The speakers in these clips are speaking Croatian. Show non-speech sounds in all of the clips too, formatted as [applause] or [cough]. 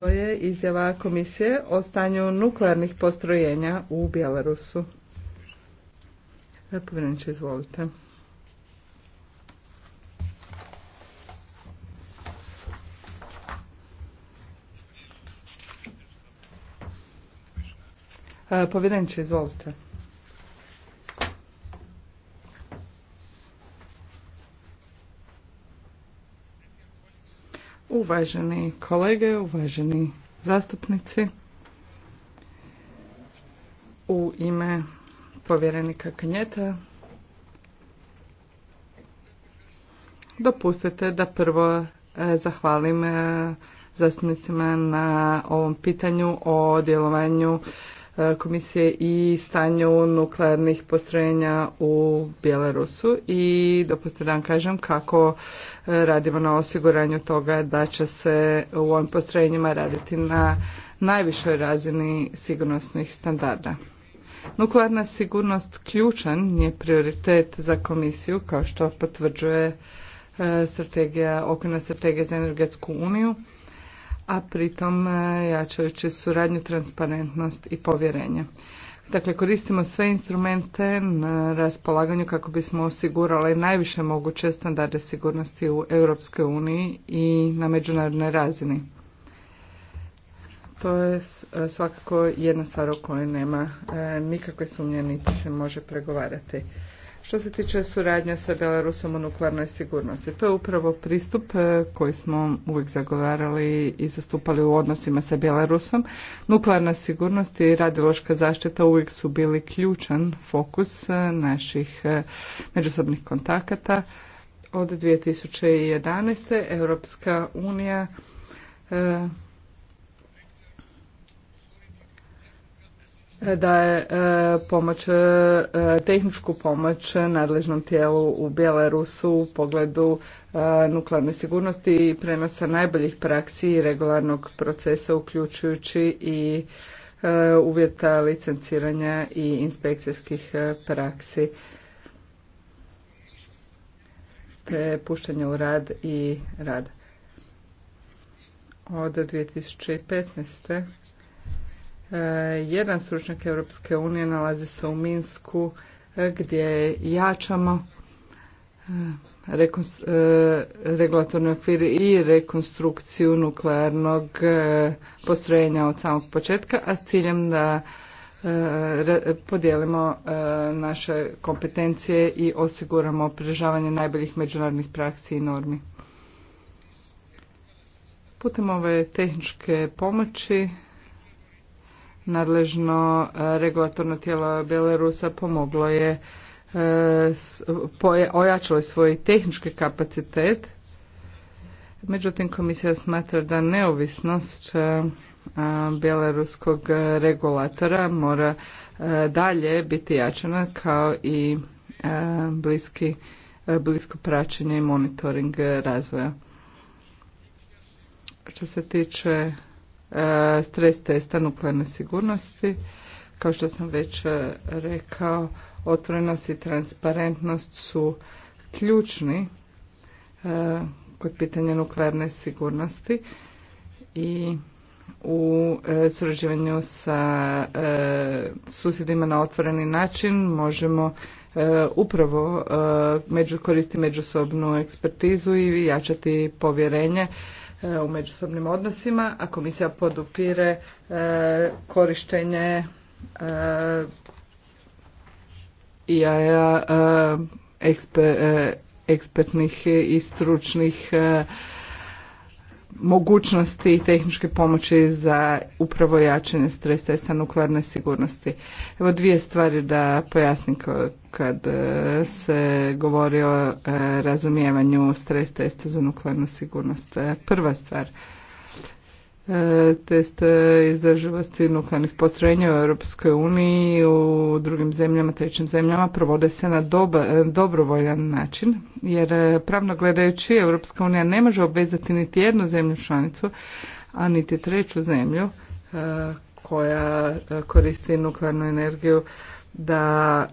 To je izjava komisije o stanju nuklearnih postrojenja u Bjelarusu. Povjereniče, izvolite. E, povjereniče, izvolite. Uvaženi kolege, uvaženi zastupnici, u ime povjerenika Kanjeta dopustite da prvo e, zahvalim e, zastupnicima na ovom pitanju o djelovanju E, komisije i stanju nuklearnih postrojenja u Bjelarusu i dopustite da vam kažem kako e, radimo na osiguranju toga da će se u ovim postrojenjima raditi na najvišoj razini sigurnosnih standarda. Nuklearna sigurnost ključan je prioritet za komisiju kao što potvrđuje e, strategija, okvirna strategija za energetsku uniju a pritom e, jačajući suradnju, transparentnost i povjerenje. Dakle, koristimo sve instrumente na raspolaganju kako bismo osigurali najviše moguće standarde sigurnosti u Europskoj uniji i na međunarodnoj razini. To je e, svakako jedna stvar o kojoj nema e, nikakve sumnje niti se može pregovarati. Što se tiče suradnje sa Belarusom u nuklearnoj sigurnosti, to je upravo pristup e, koji smo uvijek zagovarali i zastupali u odnosima sa Belarusom. Nuklearna sigurnost i radiološka zaštita uvijek su bili ključan fokus e, naših e, međusobnih kontakata. Od 2011. Europska unija Da je e, pomoć, e, tehničku pomoć nadležnom tijelu u Bjelarusu u pogledu e, nuklearne sigurnosti i prenosa najboljih praksi i regularnog procesa uključujući i uvjeta licenciranja i inspekcijskih praksi te puštanja u rad i rad. Od 2015 E, jedan stručnjak Europske unije nalazi se u Minsku e, gdje jačamo e, regulatorni okvir i rekonstrukciju nuklearnog postrojenja od samog početka, a s ciljem da podijelimo naše kompetencije i osiguramo prižavanje najboljih međunarodnih praksi i normi. Putem ove tehničke pomoći nadležno e, regulatorno tijelo Belarusa pomoglo je e, ojačalo je svoj tehnički kapacitet. Međutim, komisija smatra da neovisnost e, bjelaruskog regulatora mora dalje biti jačana kao i bliski, blisko praćenje i monitoring razvoja. Što se tiče E, stres testa nuklearne sigurnosti. Kao što sam već e, rekao, otvorenost i transparentnost su ključni e, kod pitanja nuklearne sigurnosti i u surađivanju sa susjedima na otvoreni način možemo upravo među, međusobnu ekspertizu i jačati povjerenje E, u međusobnim odnosima, a komisija podupire e, korištenje jaja e, ekspertnih i stručnih mogućnosti i tehničke pomoći za upravo jačanje stres testa nuklearne sigurnosti. Evo dvije stvari da pojasnim kad e, se govori o e, razumijevanju stres testa za nuklearnu sigurnost. E, prva stvar, test izdrživosti nuklearnih postrojenja u Europskoj uniji i u drugim zemljama, trećim zemljama provode se na doba, dobrovoljan način, jer eh, pravno gledajući Europska unija ne može obvezati niti jednu zemlju članicu, a niti treću zemlju eh, koja eh, koristi nuklearnu energiju da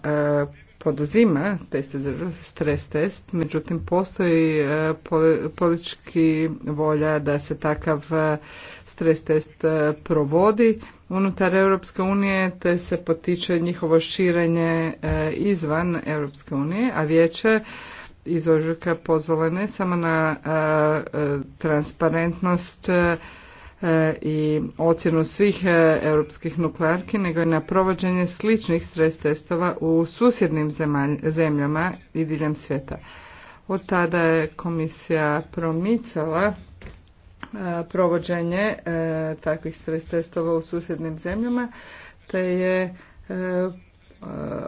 poduzima test stres test, međutim postoji e, politički volja da se takav e, stres test e, provodi unutar Europske unije te se potiče njihovo širenje izvan Europske unije, a vijeće iz ožujka pozvala ne samo na transparentnost E, i ocjenu svih e, europskih nuklearki, nego i na provođenje sličnih stres testova u susjednim zemljama i diljem svijeta. Od tada je komisija promicala e, provođenje takvih stres testova u susjednim zemljama, te je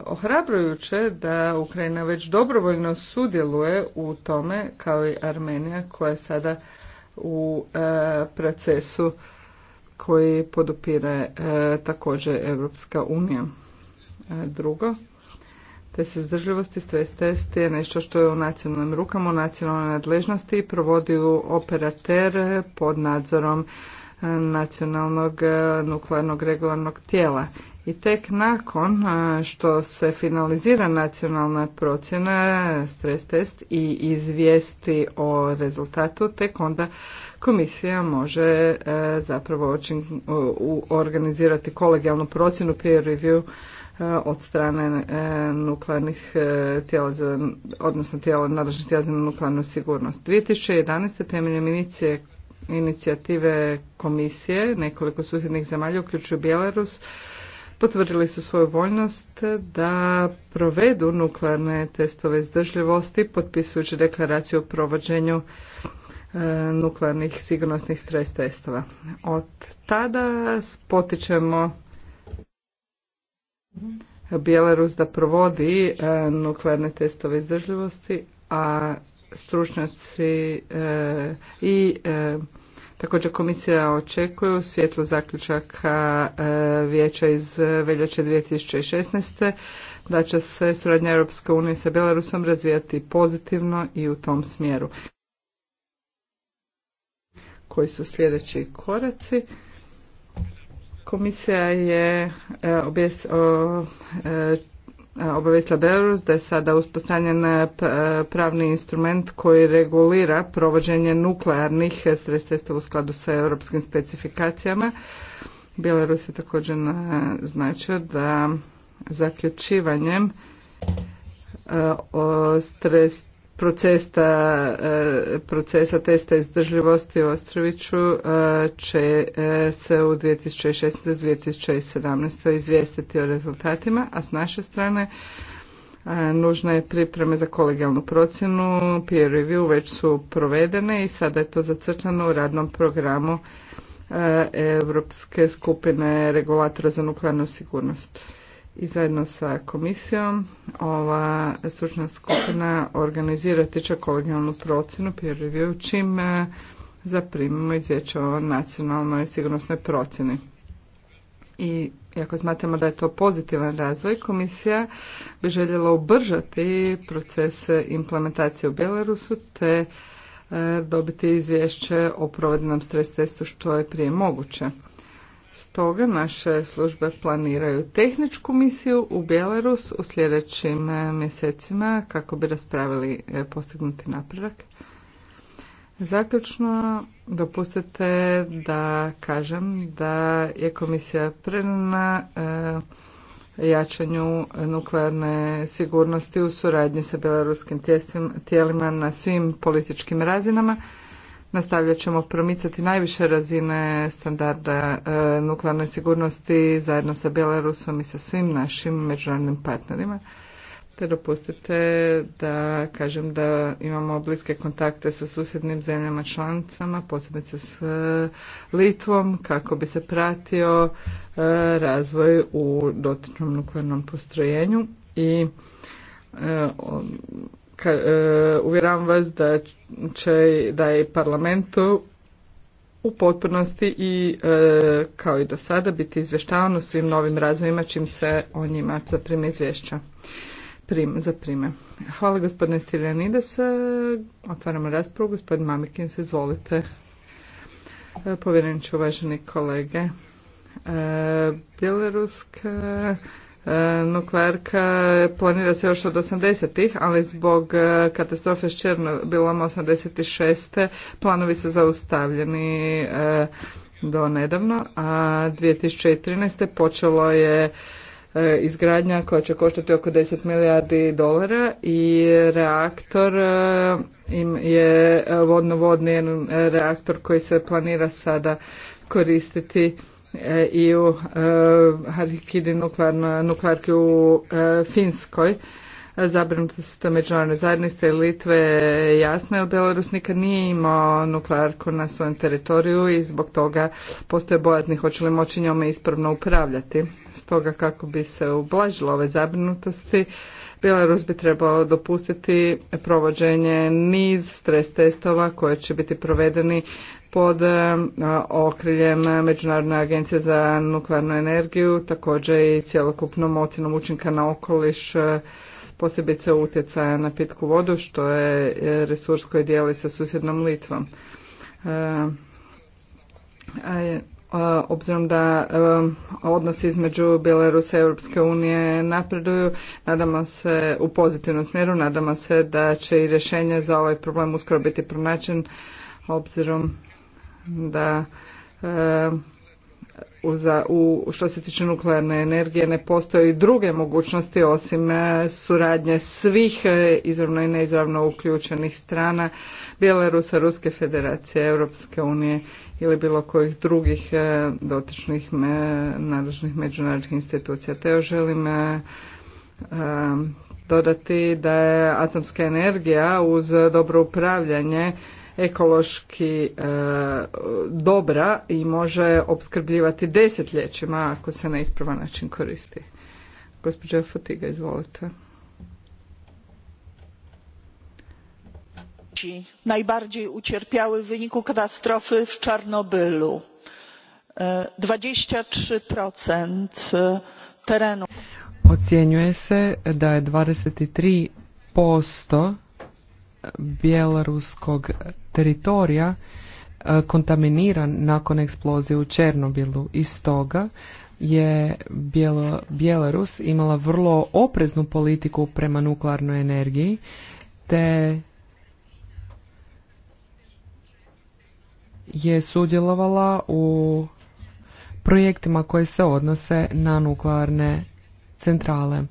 ohrabrujuće da Ukrajina već dobrovoljno sudjeluje u tome, kao i Armenija koja sada u e, procesu koji podupire e, također Europska unija. E, drugo, se izdržljivosti, stres test je nešto što je u nacionalnim rukama, u nacionalnoj nadležnosti i provodi operater pod nadzorom nacionalnog nuklearnog regularnog tijela i tek nakon što se finalizira nacionalna procjena, e, stres test i izvijesti o rezultatu, tek onda komisija može e, zapravo organizirati kolegijalnu procjenu peer review e, od strane nuklearnih tijela, odnosno tijela nadležnih tijela za nuklearnu sigurnost. 2011. temeljem inicije inicijative komisije nekoliko susjednih zemalja uključuju Bjelarus potvrdili su svoju voljnost da provedu nuklearne testove izdržljivosti potpisujući deklaraciju o provođenju e, nuklearnih sigurnosnih stres testova. Od tada potičemo Bjelarus da provodi e, nuklearne testove izdržljivosti, a stručnjaci e, i Također komisija očekuje u svjetlu zaključaka e, vijeća iz e, veljače 2016. da će se suradnja Europske unije sa Belarusom razvijati pozitivno i u tom smjeru. Koji su sljedeći koraci? Komisija je e, objes, E, obavijestila Belarus da je sada uspostavljen e, e, pravni instrument koji regulira provođenje nuklearnih stres u skladu sa europskim specifikacijama. Belarus je također značio da zaključivanjem stres procesa, e, procesa testa izdržljivosti u Ostroviću e, će e, se u 2016. 2017. izvijestiti o rezultatima, a s naše strane nužna je pripreme za kolegijalnu procjenu, peer review već su provedene i sada je to zacrtano u radnom programu Europske skupine regulatora za nuklearnu sigurnost i zajedno sa komisijom ova stručna skupina organizira će kolegijalnu procjenu peer review čim e, zaprimimo izvješće o nacionalnoj sigurnosnoj procjeni. I ako smatramo da je to pozitivan razvoj, komisija bi željela ubržati proces implementacije u Belarusu te e, dobiti izvješće o provedenom stres testu što je prije moguće. Stoga naše službe planiraju tehničku misiju u Bjelarus u sljedećim e, mjesecima kako bi raspravili e, postignuti napredak. Zaključno, dopustite da kažem da je komisija predana e, jačanju nuklearne sigurnosti u suradnji sa beloruskim tijelima na svim političkim razinama Nastavljat ćemo promicati najviše razine standarda e, nuklearne sigurnosti zajedno sa Bjelarusom i sa svim našim međunarodnim partnerima. Te dopustite da kažem da imamo bliske kontakte sa susjednim zemljama članicama, posebice s e, Litvom, kako bi se pratio e, razvoj u dotičnom nuklearnom postrojenju i E, uvjeravam vas da će da je parlamentu u potpunosti i e, kao i do sada biti izvještavan o svim novim razvojima čim se o njima zaprime izvješća. Prim, zaprime. Hvala gospodine Stiljanides. E, otvaramo raspravu. Gospodin Mamikin, se izvolite. E, Povjereniče, uvaženi kolege. E, E, nuklearka planira se još od 80-ih, ali zbog e, katastrofe s Černobilom 86. planovi su zaustavljeni e, do nedavno, a 2013. počelo je izgradnja koja će koštati oko 10 milijardi dolara i reaktor im je vodno-vodni reaktor koji se planira sada koristiti i u e, Harkidi nuklearki u e, Finskoj. Zabrinutost međunarodne zajednice Litve je jasna, jer Belarus nikad nije imao nuklearku na svojem teritoriju i zbog toga postoje bojatni hoće li moći njome ispravno upravljati. Stoga kako bi se ublažilo ove zabrinutosti, Belarus bi trebao dopustiti provođenje niz stres testova koje će biti provedeni pod e, okriljem Međunarodne agencije za nuklearnu energiju, također i cjelokupnom ocjenom učinka na okoliš, e, posebice utjecaja na pitku vodu, što je e, resurs koji dijeli sa susjednom Litvom. Obzirom da odnosi između Bjelorusa i Europske unije napreduju, nadamo se u pozitivnom smjeru, nadamo se da će i rješenje za ovaj problem uskoro biti pronađen obzirom da e, u što se tiče nuklearne energije ne postoje i druge mogućnosti osim e, suradnje svih e, izravno i neizravno uključenih strana Bjelarusa, Ruske federacije, Europske unije ili bilo kojih drugih dotičnih nadležnih međunarodnih institucija. Te još želim dodati da je atomska energija uz dobro upravljanje ekološki e, dobra i može opskrbljivati desetljećima ako se na ispravan način koristi. Gospođa Fotiga, izvolite. najbardziej ucierpiały w wyniku katastrofy w Czarnobylu. 23% e, e, terenu. Ocjenjuje se da je 23% bjelaruskog teritorija e, kontaminiran nakon eksplozije u Černobilu i stoga je Bjelarus imala vrlo opreznu politiku prema nuklearnoj energiji te je sudjelovala u projektima koji se odnose na nuklearne centrale.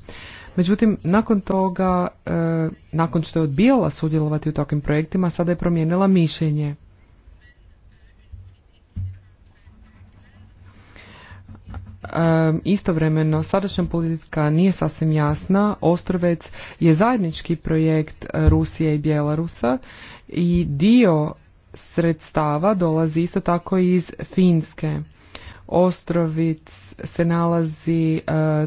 Međutim, nakon toga, e, nakon što je odbijala sudjelovati u takvim projektima, sada je promijenila mišljenje. E, istovremeno, sadašnja politika nije sasvim jasna. Ostrovec je zajednički projekt Rusije i Bjelarusa i dio sredstava dolazi isto tako iz Finske. Ostrovic se nalazi e,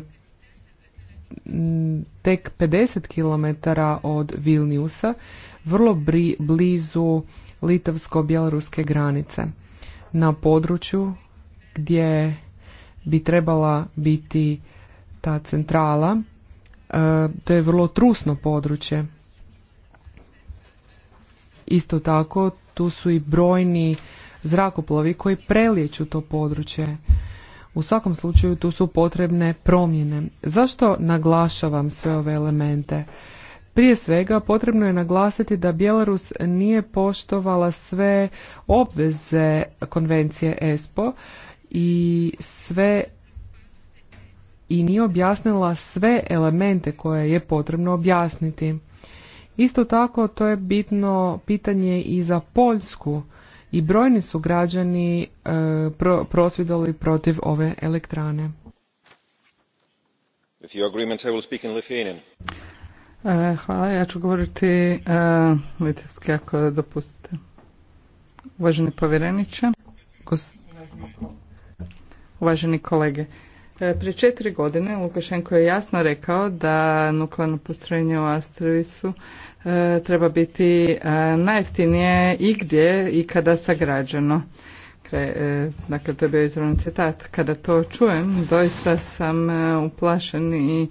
tek 50 km od Vilniusa, vrlo blizu litavsko-bjeloruske granice, na području gdje bi trebala biti ta centrala. E, to je vrlo trusno područje. Isto tako, tu su i brojni zrakoplovi koji prelijeću to područje. U svakom slučaju tu su potrebne promjene. Zašto naglašavam sve ove elemente? Prije svega potrebno je naglasiti da Bjelarus nije poštovala sve obveze konvencije ESPO i sve i nije objasnila sve elemente koje je potrebno objasniti. Isto tako to je bitno pitanje i za Poljsku i brojni su građani e, pro, protiv ove elektrane. E, hvala, ja ću govoriti e, litevski ako dopustite. Uvaženi povjereniče, uvaženi kolege, prije četiri godine Lukašenko je jasno rekao da nuklearno postrojenje u Astrovisu E, treba biti e, najjeftinije i gdje i kada sagrađeno. E, dakle, to je bio izravni citat. Kada to čujem, doista sam uplašen i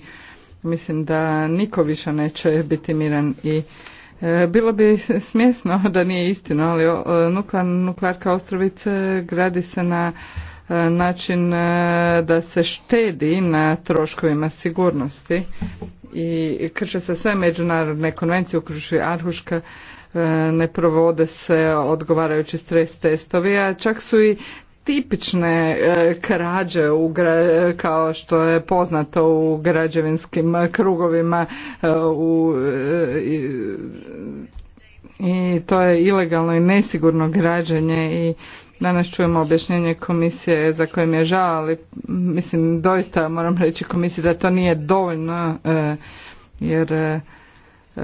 mislim da niko više neće biti miran i bilo bi smjesno [laughs] da nije istina, ali nuklearka Ostrovice gradi se na način e, da se štedi na troškovima sigurnosti i krše se sve međunarodne konvencije, uključujući Arhuška, e, ne provode se odgovarajući stres testovi, a čak su i tipične e, krađe u, kao što je poznato u građevinskim krugovima u, i, i to je ilegalno i nesigurno građenje i Danas čujemo objašnjenje komisije za mi je žao, ali mislim doista moram reći komisiji da to nije dovoljno e, jer e,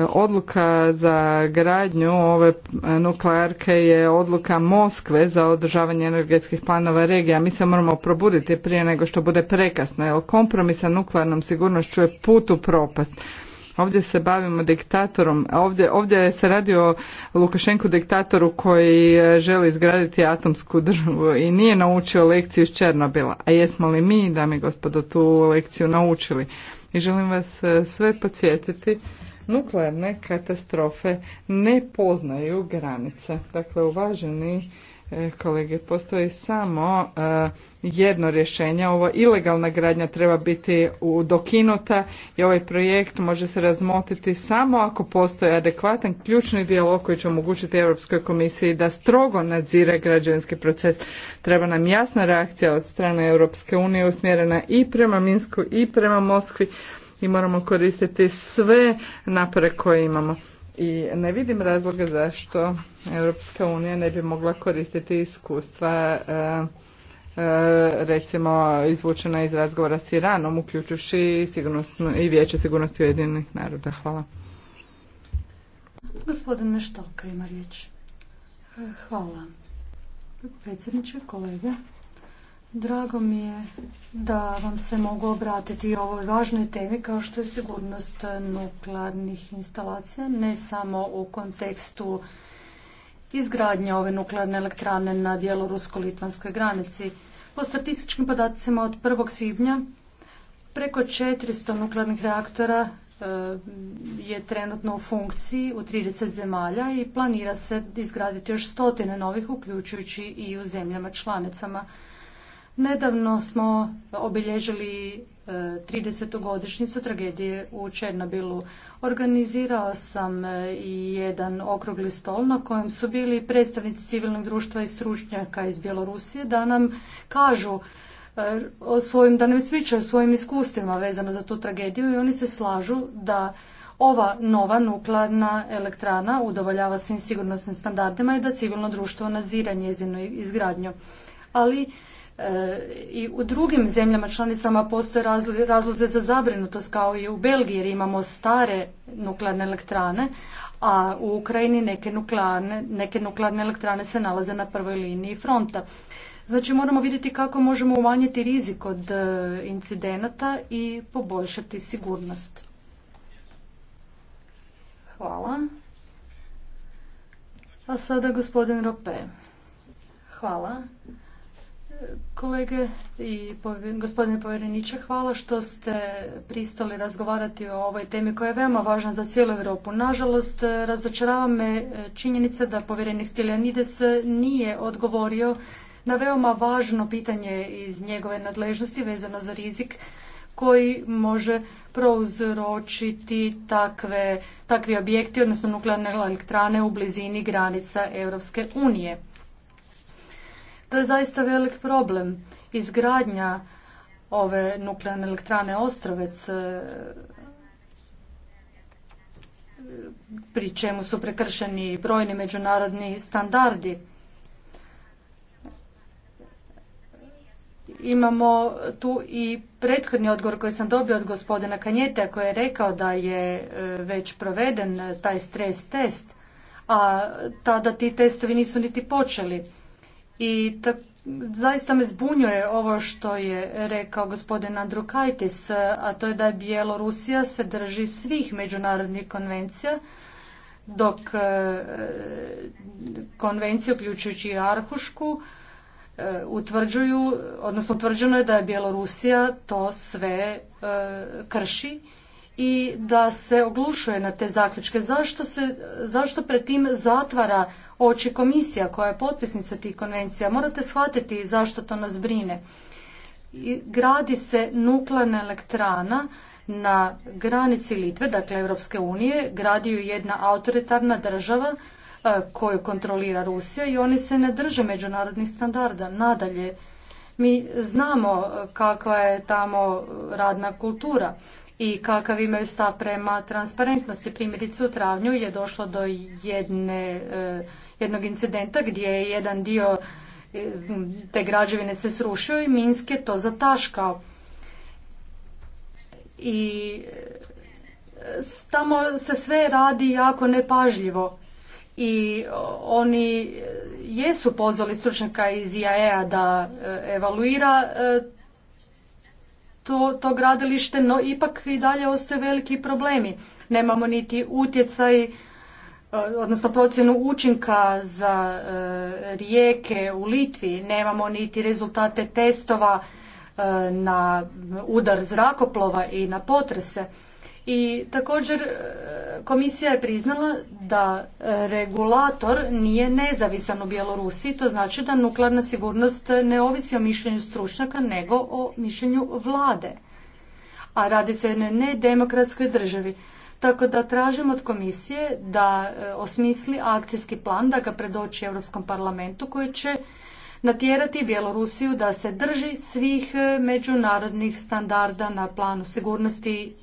odluka za gradnju ove nuklearke je odluka Moskve za održavanje energetskih planova regija. Mi se moramo probuditi prije nego što bude prekasno, jer kompromis sa nuklearnom sigurnošću je put u propast. Ovdje se bavimo diktatorom, ovdje, ovdje se radi o Lukašenku diktatoru koji e, želi izgraditi atomsku državu i nije naučio lekciju iz Černobila. A jesmo li mi, dame i gospodo, tu lekciju naučili? I želim vas e, sve podsjetiti nuklearne katastrofe ne poznaju granice. Dakle, uvaženi E, kolege, postoji samo e, jedno rješenje. Ovo ilegalna gradnja treba biti dokinuta i ovaj projekt može se razmotiti samo ako postoji adekvatan ključni dijalog koji će omogućiti Europskoj komisiji da strogo nadzire građevinski proces. Treba nam jasna reakcija od strane Europske unije usmjerena i prema Minsku i prema Moskvi i moramo koristiti sve napore koje imamo i ne vidim razloga zašto Europska unija ne bi mogla koristiti iskustva e, e, recimo izvučena iz razgovora s Iranom, uključujući i Vijeće sigurnosti Ujedinjenih naroda. Hvala. Gospodin Meštalka ima riječ. E, hvala. Predsjedniče, kolege. Drago mi je da vam se mogu obratiti o ovoj važnoj temi kao što je sigurnost nuklearnih instalacija, ne samo u kontekstu izgradnje ove nuklearne elektrane na bjelorusko-litvanskoj granici. Po statističkim podacima od 1. svibnja preko 400 nuklearnih reaktora e, je trenutno u funkciji u 30 zemalja i planira se izgraditi još stotine novih, uključujući i u zemljama članicama. Nedavno smo obilježili 30. E, godišnjicu tragedije u Černobilu. Organizirao sam e, i jedan okrugli stol na kojem su bili predstavnici civilnog društva i stručnjaka iz Bjelorusije da nam kažu e, o svojim, da nam ispričaju o svojim iskustvima vezano za tu tragediju i oni se slažu da ova nova nuklearna elektrana udovoljava svim sigurnosnim standardima i da civilno društvo nadzira njezinu izgradnju. Ali i u drugim zemljama članicama postoje razloze za zabrinutost kao i u Belgiji jer imamo stare nuklearne elektrane, a u Ukrajini neke nuklearne, neke nuklearne elektrane se nalaze na prvoj liniji fronta. Znači moramo vidjeti kako možemo umanjiti rizik od e, incidenata i poboljšati sigurnost. Hvala. A sada gospodin Rope. Hvala kolege i gospodine povjereniče, hvala što ste pristali razgovarati o ovoj temi koja je veoma važna za cijelu Europu. Nažalost, razočarava me e, činjenica da povjerenik Stiljanides nije odgovorio na veoma važno pitanje iz njegove nadležnosti vezano za rizik koji može prouzročiti takve, takvi objekti, odnosno nuklearne elektrane u blizini granica Europske unije. To je zaista velik problem. Izgradnja ove nuklearne elektrane Ostrovec e, pri čemu su prekršeni brojni međunarodni standardi. Imamo tu i prethodni odgovor koji sam dobio od gospodina Kanjete koji je rekao da je e, već proveden taj stres test, a tada ti testovi nisu niti počeli. I ta, zaista me zbunjuje ovo što je rekao gospodin Andrukaitis, a to je da je Bjelorusija se drži svih međunarodnih konvencija, dok e, konvencije, uključujući i Arhušku, e, utvrđuju, odnosno utvrđeno je da je Bjelorusija to sve e, krši i da se oglušuje na te zaključke. Zašto, se, zašto pred tim zatvara oči komisija koja je potpisnica tih konvencija. Morate shvatiti zašto to nas brine. Gradi se nuklearna elektrana na granici Litve, dakle Europske unije, gradi ju jedna autoritarna država e, koju kontrolira Rusija i oni se ne drže međunarodnih standarda. Nadalje, mi znamo e, kakva je tamo radna kultura i kakav imaju stav prema transparentnosti. Primjerice u travnju je došlo do jedne e, jednog incidenta gdje je jedan dio e, te građevine se srušio i Minsk je to zataškao. I e, tamo se sve radi jako nepažljivo i oni jesu pozvali stručnjaka iz IAEA da e, evaluira to, to gradilište, no ipak i dalje ostaju veliki problemi. Nemamo niti utjecaj Eh, odnosno procjenu učinka za eh, rijeke u Litvi, nemamo niti rezultate testova eh, na udar zrakoplova i na potrese. I također komisija je priznala da regulator nije nezavisan u Bjelorusiji, to znači da nuklearna sigurnost ne ovisi o mišljenju stručnjaka nego o mišljenju vlade. A radi se o jednoj nedemokratskoj državi. Tako da tražim od komisije da e, osmisli akcijski plan, da ga predoči Europskom parlamentu koji će natjerati Bjelorusiju da se drži svih e, međunarodnih standarda na planu sigurnosti,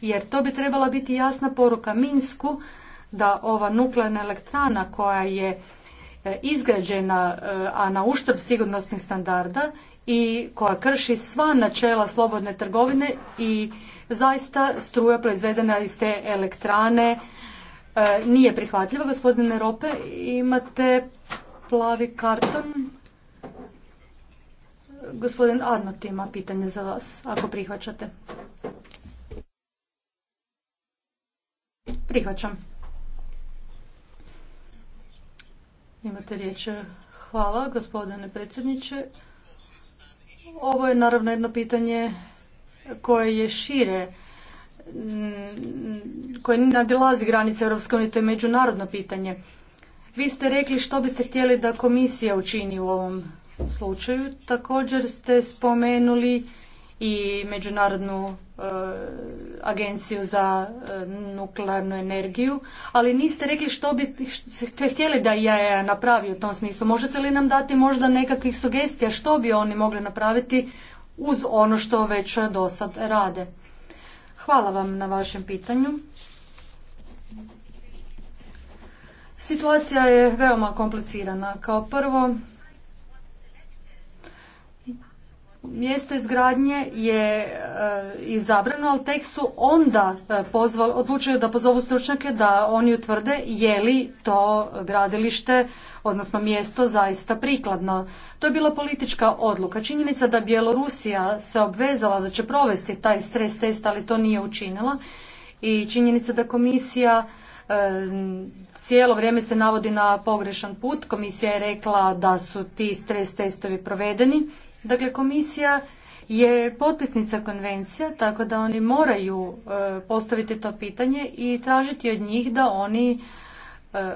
jer to bi trebala biti jasna poruka Minsku da ova nuklearna elektrana koja je e, izgrađena, a na uštrb sigurnosnih standarda i koja krši sva načela slobodne trgovine i Zaista struja proizvedena iz te elektrane e, nije prihvatljiva. Gospodine Rope, imate plavi karton. Gospodin Arnot ima pitanje za vas, ako prihvaćate. Prihvaćam. Imate riječ. Hvala, gospodine predsjedniče. Ovo je naravno jedno pitanje koje je šire mm, koje nadilazi granice Europske unije, to je međunarodno pitanje. Vi ste rekli što biste htjeli da komisija učini u ovom slučaju. Također ste spomenuli i Međunarodnu e, agenciju za e, nuklearnu energiju, ali niste rekli što biste htjeli da je napravi u tom smislu. Možete li nam dati možda nekakvih sugestija što bi oni mogli napraviti uz ono što već do sad rade. Hvala vam na vašem pitanju. Situacija je veoma komplicirana. Kao prvo, mjesto izgradnje je e, izabrano, ali tek su onda e, odlučili da pozovu stručnjake da oni utvrde je li to gradilište, odnosno mjesto zaista prikladno. To je bila politička odluka. Činjenica da Bjelorusija se obvezala da će provesti taj stres test, ali to nije učinila. I činjenica da komisija e, cijelo vrijeme se navodi na pogrešan put. Komisija je rekla da su ti stres testovi provedeni Dakle, komisija je potpisnica konvencija, tako da oni moraju e, postaviti to pitanje i tražiti od njih da oni e,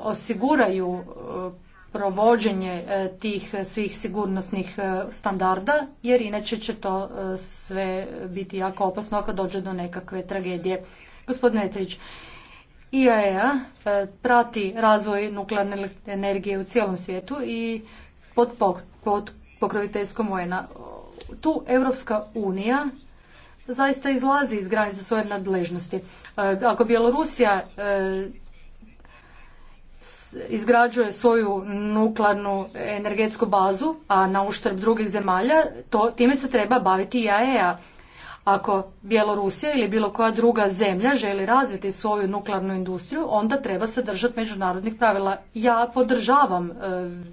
osiguraju e, provođenje tih svih sigurnosnih standarda, jer inače će to sve biti jako opasno ako dođe do nekakve tragedije. Gospodine Etrić, IAEA prati razvoj nuklearne energije u cijelom svijetu i pod pod pokroviteljskom un Tu Europska unija zaista izlazi iz granica svoje nadležnosti. E, ako Bjelorusija e, izgrađuje svoju nuklearnu energetsku bazu, a na uštrb drugih zemalja, to, time se treba baviti i IAEA. E ako Bjelorusija ili bilo koja druga zemlja želi razviti svoju nuklearnu industriju, onda treba se držati međunarodnih pravila. Ja podržavam e,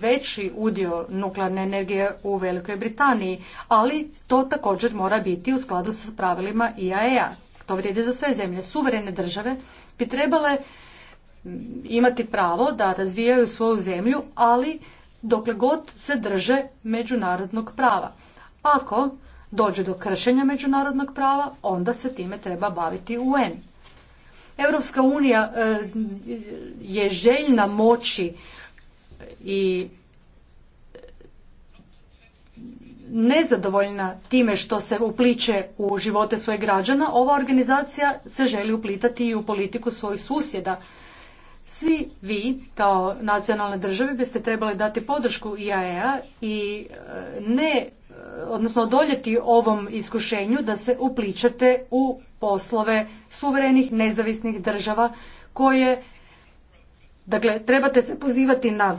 veći udio nuklearne energije u Velikoj Britaniji, ali to također mora biti u skladu sa pravilima IAEA. To vrijedi za sve zemlje. Suverene države bi trebale mm, imati pravo da razvijaju svoju zemlju, ali dokle god se drže međunarodnog prava. Ako dođe do kršenja međunarodnog prava, onda se time treba baviti UN. Europska unija e, je željna moći i nezadovoljna time što se upliče u živote svojih građana, ova organizacija se želi uplitati i u politiku svojih susjeda. Svi vi kao nacionalne države biste trebali dati podršku IAEA i e, ne odnosno odoljeti ovom iskušenju da se upličate u poslove suverenih nezavisnih država koje dakle trebate se pozivati na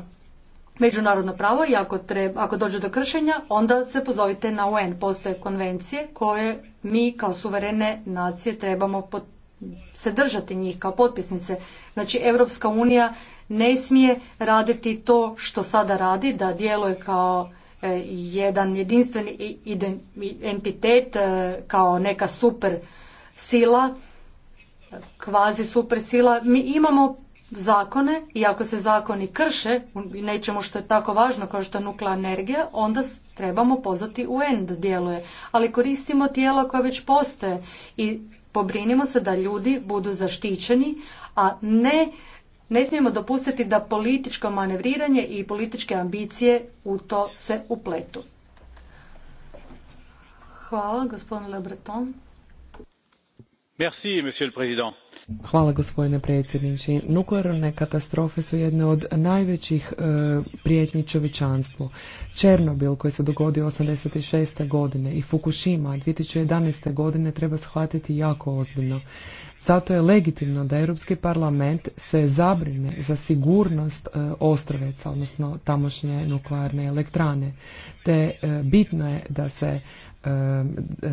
međunarodno pravo i ako, treba, ako dođe do kršenja onda se pozovite na UN. Postoje konvencije koje mi kao suverene nacije trebamo se držati njih kao potpisnice. Znači Europska unija ne smije raditi to što sada radi da djeluje kao E, jedan jedinstveni entitet e, kao neka super sila, kvazi super sila. Mi imamo zakone i ako se zakoni krše nečemu što je tako važno kao što je nuklearna energija, onda trebamo pozvati UN da djeluje. Ali koristimo tijela koja već postoje i pobrinimo se da ljudi budu zaštićeni, a ne ne smijemo dopustiti da političko manevriranje i političke ambicije u to se upletu. Hvala, gospodin Le Breton. Hvala gospodine predsjedniče. Nuklearne katastrofe su jedne od najvećih e, prijetnji čovječanstvu. Černobil koji se dogodio 86. godine i Fukushima 2011. godine treba shvatiti jako ozbiljno. Zato je legitimno da Europski parlament se zabrine za sigurnost e, Ostroveca, odnosno tamošnje nuklearne elektrane. Te e, bitno je da se e,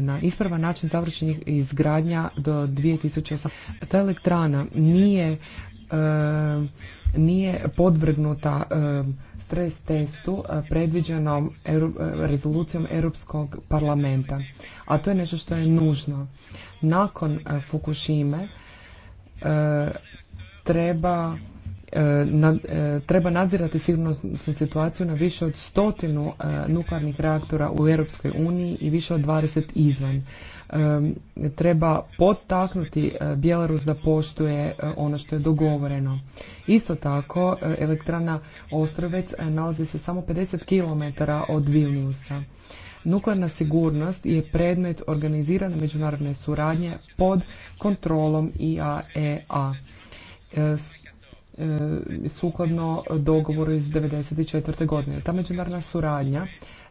na ispravan način završenih izgradnja do 2008. Ta elektrana nije E, nije podvrgnuta e, stres testu e, predviđenom rezolucijom Europskog parlamenta. A to je nešto što je nužno. Nakon Fukushime treba treba nadzirati sigurnosnu situaciju na više od stotinu nuklearnih reaktora u Europskoj uniji i više od 20 izvan treba potaknuti e, Bjelarus da poštuje e, ono što je dogovoreno. Isto tako, e, elektrana Ostrovec nalazi se samo 50 km od Vilniusa. Nuklearna sigurnost je predmet organizirane međunarodne suradnje pod kontrolom IAEA sukladno dogovoru iz 1994. godine. Ta međunarodna suradnja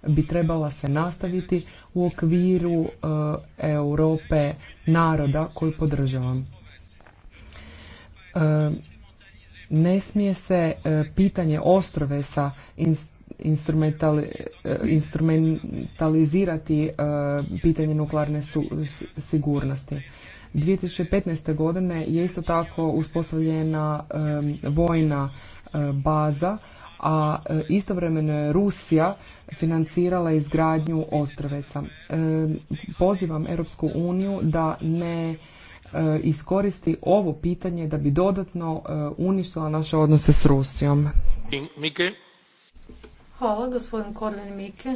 bi trebala se nastaviti u okviru e, Europe naroda koju podržavam. E, ne smije se e, pitanje Ostrovesa instrumentalizirati pitanje nuklearne sigurnosti. 2015. godine je isto tako uspostavljena vojna baza a e, istovremeno je Rusija financirala izgradnju Ostrveca. E, pozivam Europsku uniju da ne e, iskoristi ovo pitanje da bi dodatno uništila naše odnose s Rusijom. Mike. Hvala, gospodin Korlin Mike.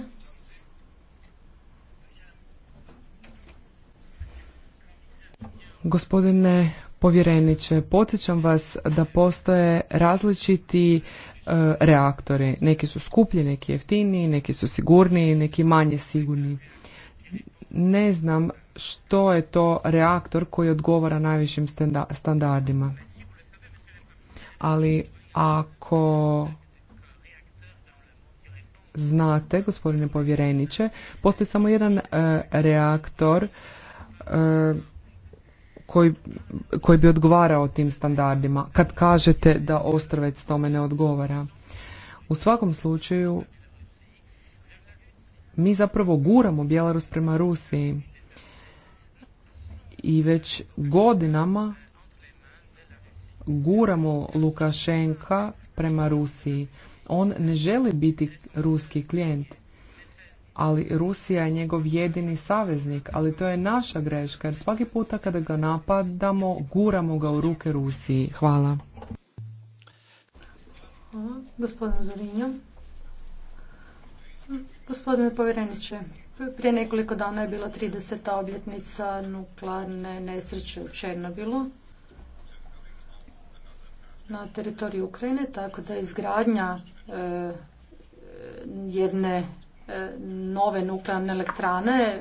Gospodine povjereniče, podsjećam vas da postoje različiti E, reaktori. Neki su skuplji, neki jeftiniji, neki su sigurniji, neki manje sigurni. Ne znam što je to reaktor koji odgovara najvišim standardima. Ali ako znate, gospodine povjereniče, postoji samo jedan e, reaktor e, koji, koji bi odgovarao tim standardima kad kažete da Ostrovec tome ne odgovara. U svakom slučaju mi zapravo guramo Bjelarus prema Rusiji i već godinama guramo Lukašenka prema Rusiji. On ne želi biti ruski klijent ali Rusija je njegov jedini saveznik, ali to je naša greška, jer svaki puta kada ga napadamo, guramo ga u ruke Rusiji. Hvala. gospodine Gospodin Gospodine povjereniče, prije nekoliko dana je bila 30. obljetnica nuklearne nesreće u Černobilu na teritoriju Ukrajine, tako da izgradnja e, jedne E, nove nuklearne elektrane e,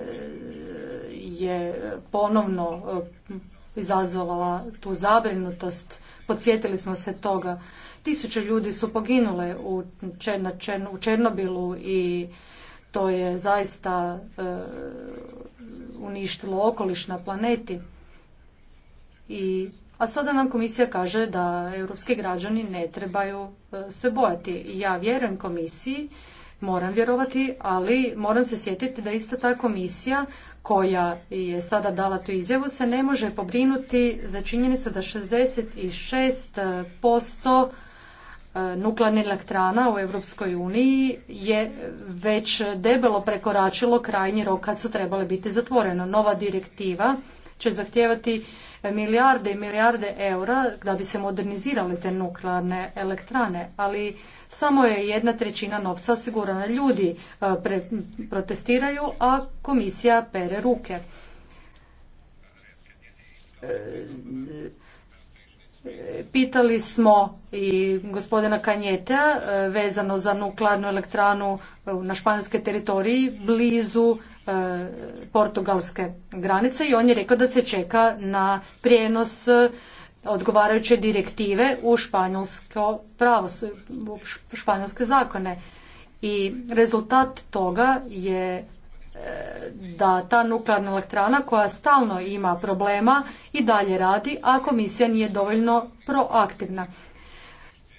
je ponovno e, izazvala tu zabrinutost. Podsjetili smo se toga. Tisuće ljudi su poginule u, Černobilu i to je zaista uništilo okoliš na planeti. I, a sada nam komisija kaže da europski građani ne trebaju se bojati. Ja vjerujem komisiji moram vjerovati, ali moram se sjetiti da ista ta komisija koja je sada dala tu izjavu se ne može pobrinuti za činjenicu da 66% e, nuklearnih elektrana u Europskoj uniji je već debelo prekoračilo krajnji rok kad su trebale biti zatvoreno. Nova direktiva će zahtijevati milijarde i milijarde eura da bi se modernizirale te nuklearne elektrane, ali samo je jedna trećina novca osigurana. Ljudi e, protestiraju, a komisija pere ruke. E, pitali smo i gospodina kanjeta e, vezano za nuklearnu elektranu na španjolskoj teritoriji blizu E, portugalske granice i on je rekao da se čeka na prijenos e, odgovarajuće direktive u španjolsko pravo, u španjolske zakone. I rezultat toga je e, da ta nuklearna elektrana koja stalno ima problema i dalje radi, a komisija nije dovoljno proaktivna.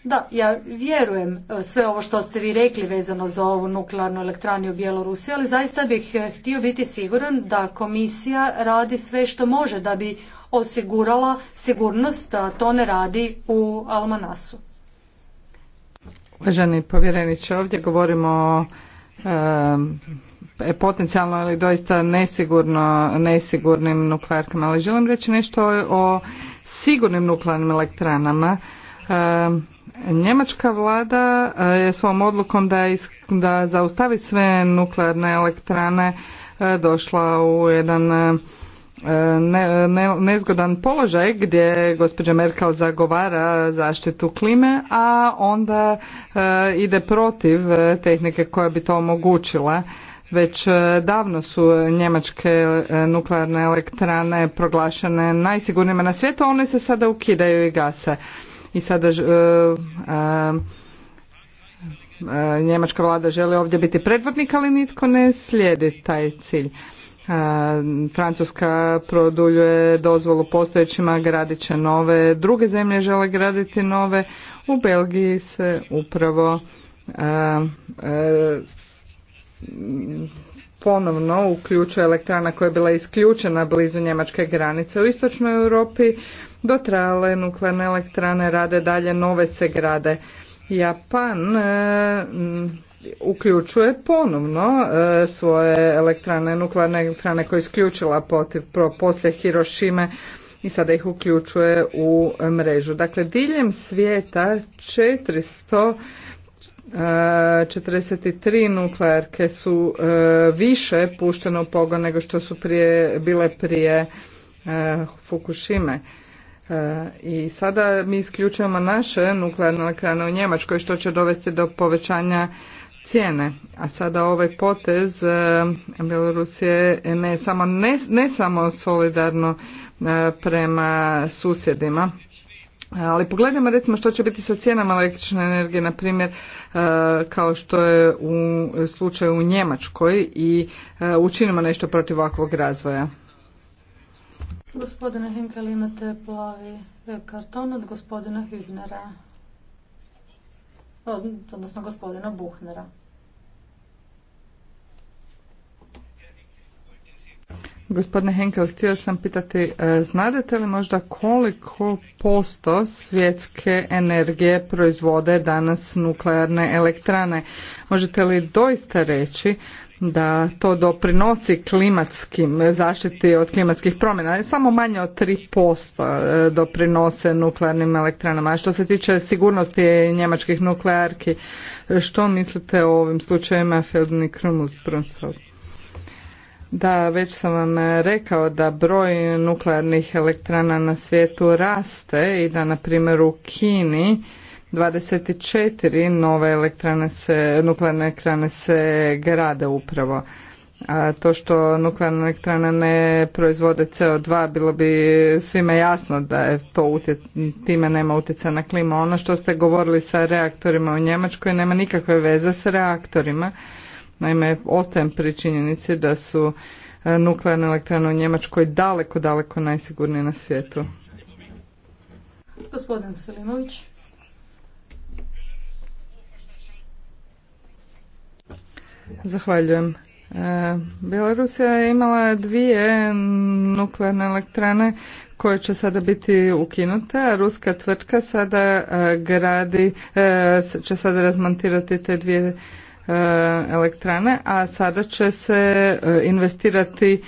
Da, ja vjerujem e, sve ovo što ste vi rekli vezano za ovu nuklearnu elektraniju u Bjelorusiji, ali zaista bih e, htio biti siguran da komisija radi sve što može da bi osigurala sigurnost, a to ne radi u Almanasu. Uvaženi povjereniče, ovdje govorimo o e, potencijalno ali doista nesigurno, nesigurnim nuklearkama, ali želim reći nešto o sigurnim nuklearnim elektranama. E, Njemačka vlada e, je svom odlukom da, da zaustavi sve nuklearne elektrane e, došla u jedan e, ne, nezgodan položaj gdje gospođa Merkel zagovara zaštitu klime, a onda ide protiv tehnike koja bi to omogućila. Već davno su njemačke nuklearne elektrane proglašene najsigurnijima na svijetu, one se sada ukidaju i gase i sada e, e, e, njemačka vlada želi ovdje biti predvodnik, ali nitko ne slijedi taj cilj. Francuska produljuje dozvolu postojećima, gradit će nove, druge zemlje žele graditi nove. U Belgiji se upravo ponovno uključuje elektrana koja je bila isključena blizu njemačke granice. U istočnoj Europi dotrajale nuklearne elektrane rade dalje, nove se grade. Japan e, uključuje ponovno e, svoje elektrane, nuklearne elektrane koje je isključila poslije Hirošime i sada ih uključuje u mrežu. Dakle, diljem svijeta 443 e, nuklearke su više puštene u pogon nego što su prije, bile prije Fukushime. E, I sada mi isključujemo naše nuklearne elektrane u Njemačkoj što će dovesti do povećanja cijene. A sada ovaj potez e, Bjelorusije ne samo, ne, ne samo solidarno e, prema susjedima, ali pogledajmo recimo što će biti sa cijenama električne energije, na primjer kao što je u slučaju u Njemačkoj i učinimo nešto protiv ovakvog razvoja. Gospodine Henkel, imate plavi karton od gospodina Hübnera, odnosno gospodina Buhnera. Gospodine Henkel, htio sam pitati, e, znadete li možda koliko posto svjetske energije proizvode danas nuklearne elektrane? Možete li doista reći da to doprinosi klimatskim zaštiti od klimatskih promjena. Samo manje od 3% e, doprinose nuklearnim elektranama. A što se tiče sigurnosti njemačkih nuklearki, što mislite o ovim slučajima Feldni Krumus Da, već sam vam rekao da broj nuklearnih elektrana na svijetu raste i da na primjer u Kini 24 nove elektrane se, nuklearne elektrane se grade upravo. A to što nuklearne elektrane ne proizvode CO2 bilo bi svima jasno da je to time nema utjeca na klima. Ono što ste govorili sa reaktorima u Njemačkoj nema nikakve veze s reaktorima. Naime, ostajem pri činjenici da su e, nuklearne elektrane u Njemačkoj daleko, daleko najsigurnije na svijetu. Gospodin Selimović. Zahvaljujem. E, Bjelorusija je imala dvije nuklearne elektrane koje će sada biti ukinute, a ruska tvrtka sada e, gradi, e, će sada razmontirati te dvije E, elektrane, a sada će se e, investirati e,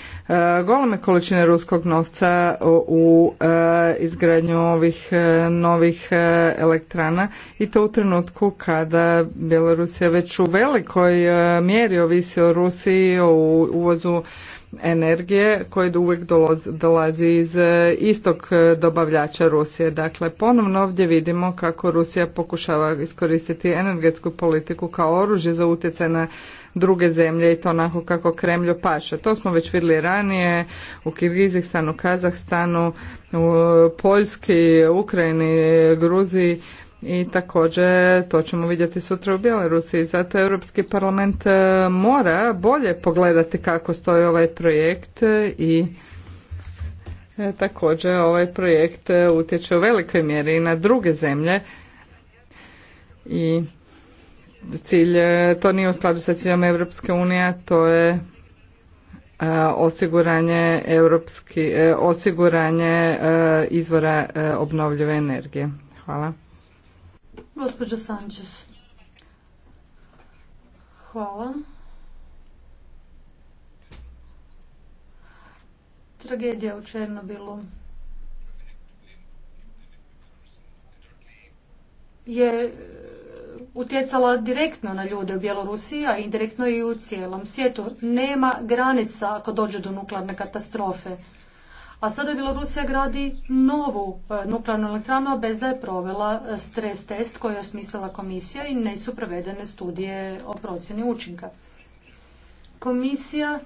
goleme količine ruskog novca u izgradnju ovih novih elektrana i to u trenutku kada Bjelorusija već u velikoj mjeri ovisi o Rusiji, o uvozu energije koji uvijek dolazi iz e, istog e, dobavljača Rusije. Dakle, ponovno ovdje vidimo kako Rusija pokušava iskoristiti energetsku politiku kao oružje za utjecaj na druge zemlje i to onako kako Kremlju paše. To smo već vidjeli ranije u Kirgizistanu, Kazahstanu, u Poljski, Ukrajini, Gruziji i također to ćemo vidjeti sutra u Bjelorusiji. Zato Europski parlament e, mora bolje pogledati kako stoji ovaj projekt e, i e, također ovaj projekt utječe u velikoj mjeri i na druge zemlje i cilj, to nije u skladu sa ciljem Europske unije, to je osiguranje europski, osiguranje izvora obnovljive energije. Hvala. Gospođo Sanchez. Hvala. Tragedija u Černobilu je e, utjecala direktno na ljude u Bjelorusiji, a indirektno i u cijelom svijetu. Nema granica ako dođe do nuklearne katastrofe. A sada Bjelorusija gradi novu e, nuklearnu elektranu bez da je provela e, stres test koji je osmislila komisija i nisu provedene studije o procjeni učinka. Komisija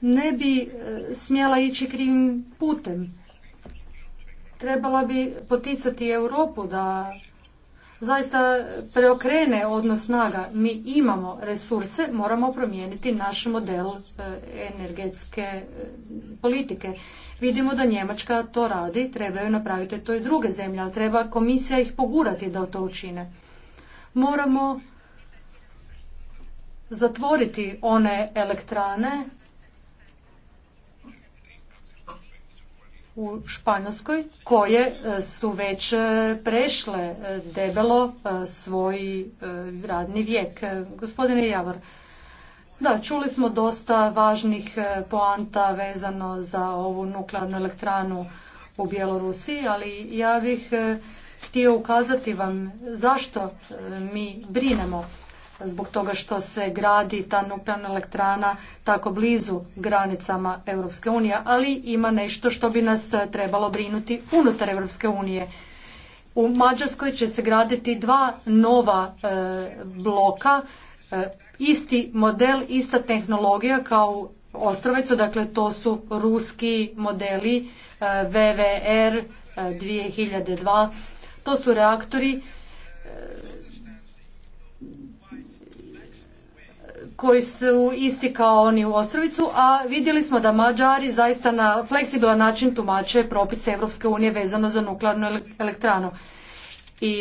ne bi e, smjela ići krivim putem. Trebala bi poticati Europu da zaista preokrene odnos snaga. Mi imamo resurse, moramo promijeniti naš model e, energetske e, politike. Vidimo da Njemačka to radi, trebaju napraviti to i druge zemlje, ali treba komisija ih pogurati da to učine. Moramo zatvoriti one elektrane u Španjolskoj koje e, su već e, prešle e, debelo svoj radni vijek. Gospodine Javor, da, čuli smo dosta važnih poanta vezano za ovu nuklearnu elektranu u Bjelorusiji, ali ja bih htio ukazati vam zašto mi brinemo zbog toga što se gradi ta nuklearna elektrana tako blizu granicama Europske unije, ali ima nešto što bi nas eh, trebalo brinuti unutar Europske unije. U Mađarskoj će se graditi dva nova eh, bloka, eh, isti model, ista tehnologija kao u Ostrovecu, dakle to su ruski modeli e, VVR 2002. To su reaktori koji su isti kao oni u Ostrovicu, a vidjeli smo da Mađari zaista na fleksibilan način tumače propise Europske unije vezano za nuklearnu elektranu. I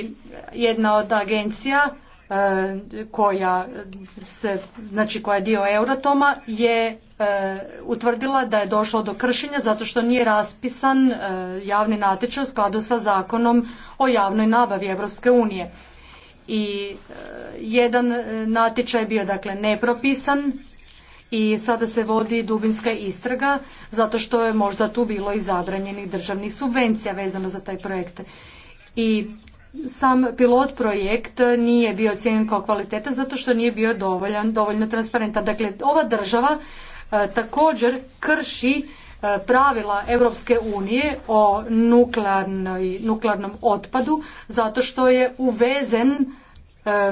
jedna od agencija e, koja se, znači koja je dio Euratoma je e, utvrdila da je došlo do kršenja zato što nije raspisan e, javni natječaj u skladu sa zakonom o javnoj nabavi Europske unije i e, jedan e, natječaj je bio dakle nepropisan i sada se vodi dubinska istraga zato što je možda tu bilo i zabranjenih državnih subvencija vezano za taj projekt. I sam pilot projekt nije bio ocijenjen kao kvalitetan zato što nije bio dovoljan, dovoljno transparentan. Dakle, ova država e, također krši E, pravila Europske unije o nuklearnom otpadu zato što je uvezen e,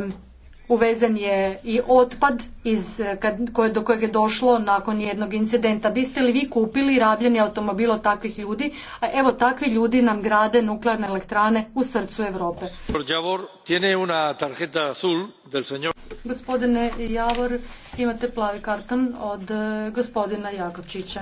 uvezen je i otpad iz, kad, koje, do kojeg je došlo nakon jednog incidenta. Biste li vi kupili rabljeni automobil od takvih ljudi? A evo takvi ljudi nam grade nuklearne elektrane u srcu Europe. Gospodine Javor, imate plavi karton od e, gospodina Jakovčića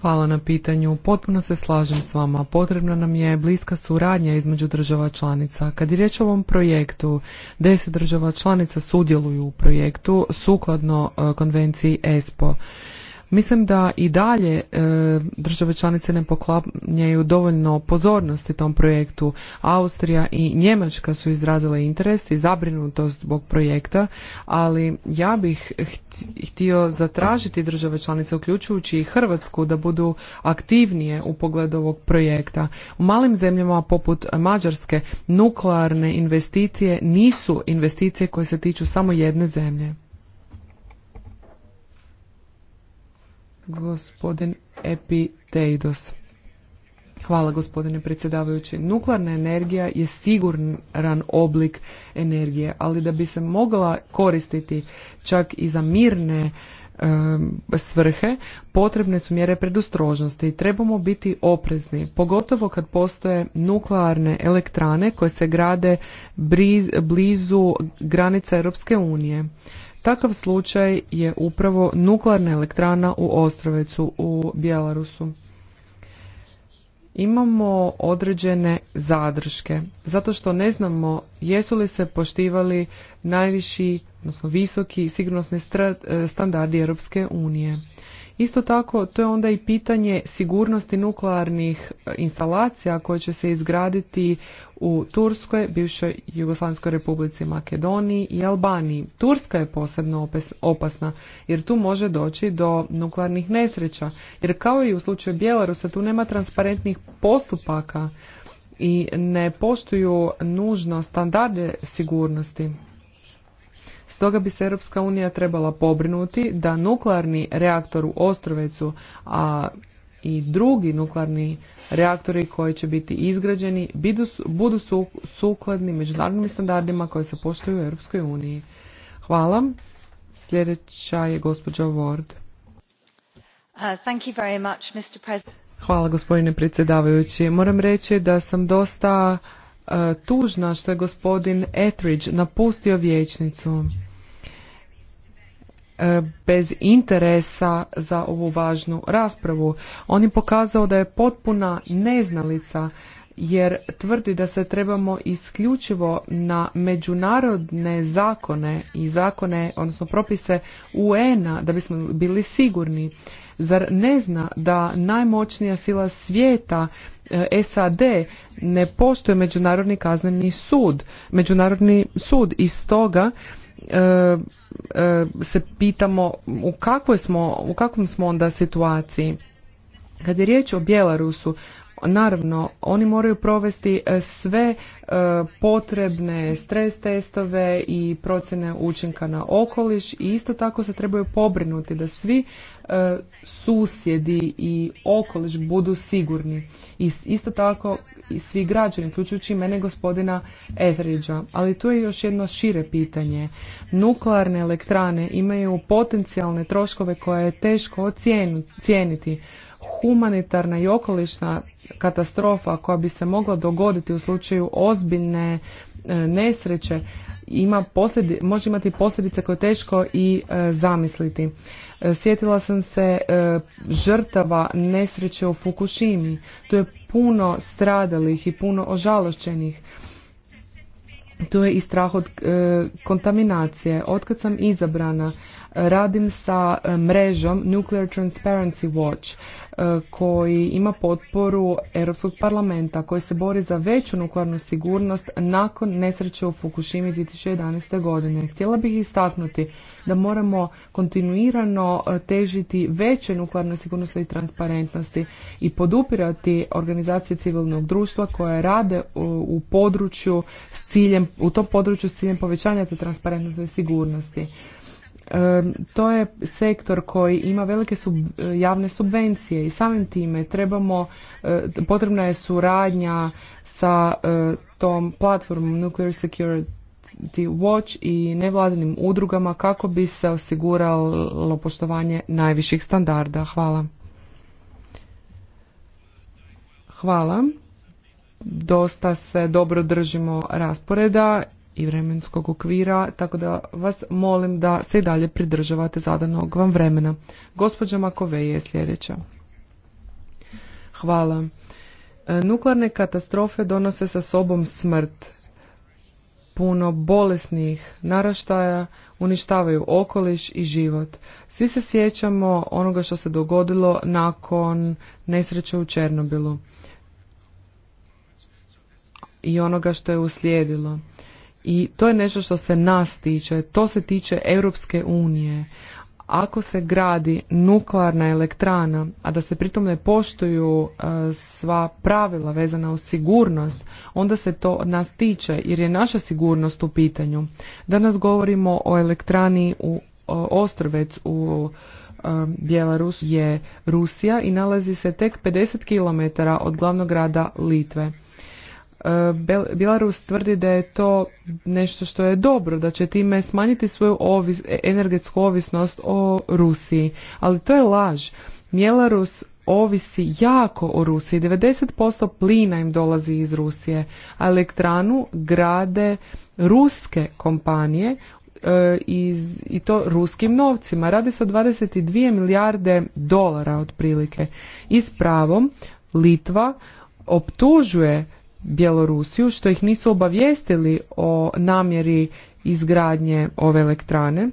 Hvala na pitanju. Potpuno se slažem s vama. Potrebna nam je bliska suradnja između država članica. Kad je riječ o ovom projektu, deset država članica sudjeluju u projektu sukladno e, konvenciji ESPO. Mislim da i dalje e, države članice ne poklapnjaju dovoljno pozornosti tom projektu. Austrija i Njemačka su izrazile interes i zabrinutost zbog projekta, ali ja bih htio zatražiti države članice, uključujući i Hrvatsku, da budu aktivnije u pogledu ovog projekta. U malim zemljama poput Mađarske nuklearne investicije nisu investicije koje se tiču samo jedne zemlje. gospodin Epiteidos. Hvala gospodine predsjedavajući. Nuklearna energija je siguran oblik energije, ali da bi se mogla koristiti čak i za mirne svrhe potrebne su mjere predostrožnosti i trebamo biti oprezni, pogotovo kad postoje nuklearne elektrane koje se grade blizu granica Europske unije. Takav slučaj je upravo nuklearna elektrana u Ostrovecu u Bjelarusu. Imamo određene zadrške, zato što ne znamo jesu li se poštivali najviši, odnosno visoki sigurnosni standardi Europske unije. Isto tako, to je onda i pitanje sigurnosti nuklearnih e, instalacija koje će se izgraditi u Turskoj, bivšoj Jugoslavijskoj republici Makedoniji i Albaniji. Turska je posebno opasna jer tu može doći do nuklearnih nesreća. Jer kao i u slučaju Bjelarusa tu nema transparentnih postupaka i ne poštuju nužno standarde sigurnosti. Stoga bi se Europska unija trebala pobrinuti da nuklearni reaktor u Ostrovecu, a i drugi nuklearni reaktori koji će biti izgrađeni budu sukladni međunarodnim standardima koje se poštuju u Europskoj uniji. Hvala. Sljedeća je gospođa Ward. Uh, Hvala gospodine predsjedavajući. Moram reći da sam dosta uh, tužna što je gospodin Etheridge napustio vijećnicu. E, bez interesa za ovu važnu raspravu. On je pokazao da je potpuna neznalica jer tvrdi da se trebamo isključivo na međunarodne zakone i zakone, odnosno propise UN-a da bismo bili sigurni. Zar ne zna da najmoćnija sila svijeta e, SAD ne postoji Međunarodni kazneni sud, Međunarodni sud i stoga E, e, se pitamo u kakvoj smo, u kakvom smo onda situaciji. Kad je riječ o Bjelarusu, naravno oni moraju provesti e, sve potrebne stres testove i procjene učinka na okoliš i isto tako se trebaju pobrinuti da svi E, susjedi i okoliš budu sigurni. I isto tako i svi građani, uključujući mene gospodina Ezriđa. Ali tu je još jedno šire pitanje. Nuklearne elektrane imaju potencijalne troškove koje je teško ocijeniti. Humanitarna i okolišna katastrofa koja bi se mogla dogoditi u slučaju ozbiljne e, nesreće ima može imati posljedice koje je teško i e, zamisliti. Sjetila sam se e, žrtava nesreće u Fukushimi. Tu je puno stradalih i puno ožalošćenih. To je i strah od e, kontaminacije. Otkad sam izabrana, radim sa e, mrežom Nuclear Transparency Watch E, koji ima potporu Europskog parlamenta koji se bori za veću nuklearnu sigurnost nakon nesreće u Fukushimi 2011. godine. Htjela bih istaknuti da moramo kontinuirano e, težiti veće nuklearnoj sigurnosti i transparentnosti i podupirati organizacije civilnog društva koje rade u području s ciljem, u tom području s ciljem povećanja te transparentnosti i sigurnosti to je sektor koji ima velike javne subvencije i samim time trebamo, eh, potrebna je suradnja sa eh, tom platformom Nuclear Security Watch i nevladinim udrugama kako bi se osiguralo poštovanje najviših standarda. Hvala. Hvala. Dosta se dobro držimo rasporeda i vremenskog okvira, tako da vas molim da se i dalje pridržavate zadanog vam vremena. Gospođa Makove je sljedeća. Hvala. E, nuklearne katastrofe donose sa sobom smrt. Puno bolesnih naraštaja uništavaju okoliš i život. Svi se sjećamo onoga što se dogodilo nakon nesreće u Černobilu i onoga što je uslijedilo i to je nešto što se nas tiče, to se tiče Europske unije. Ako se gradi nuklearna elektrana, a da se pritom ne poštuju e, sva pravila vezana uz sigurnost, onda se to nas tiče jer je naša sigurnost u pitanju. Danas govorimo o elektrani u Ostrovec u e, je Rusija i nalazi se tek 50 km od glavnog grada Litve Bjelarus tvrdi da je to nešto što je dobro, da će time smanjiti svoju e- energetsku ovisnost o Rusiji. Ali to je laž. Bjelarus ovisi jako o Rusiji. 90% plina im dolazi iz Rusije. A elektranu grade ruske kompanije e, iz, i to ruskim novcima. Radi se o 22 milijarde dolara otprilike. I s pravom Litva optužuje Bjelorusiju što ih nisu obavijestili o namjeri izgradnje ove elektrane,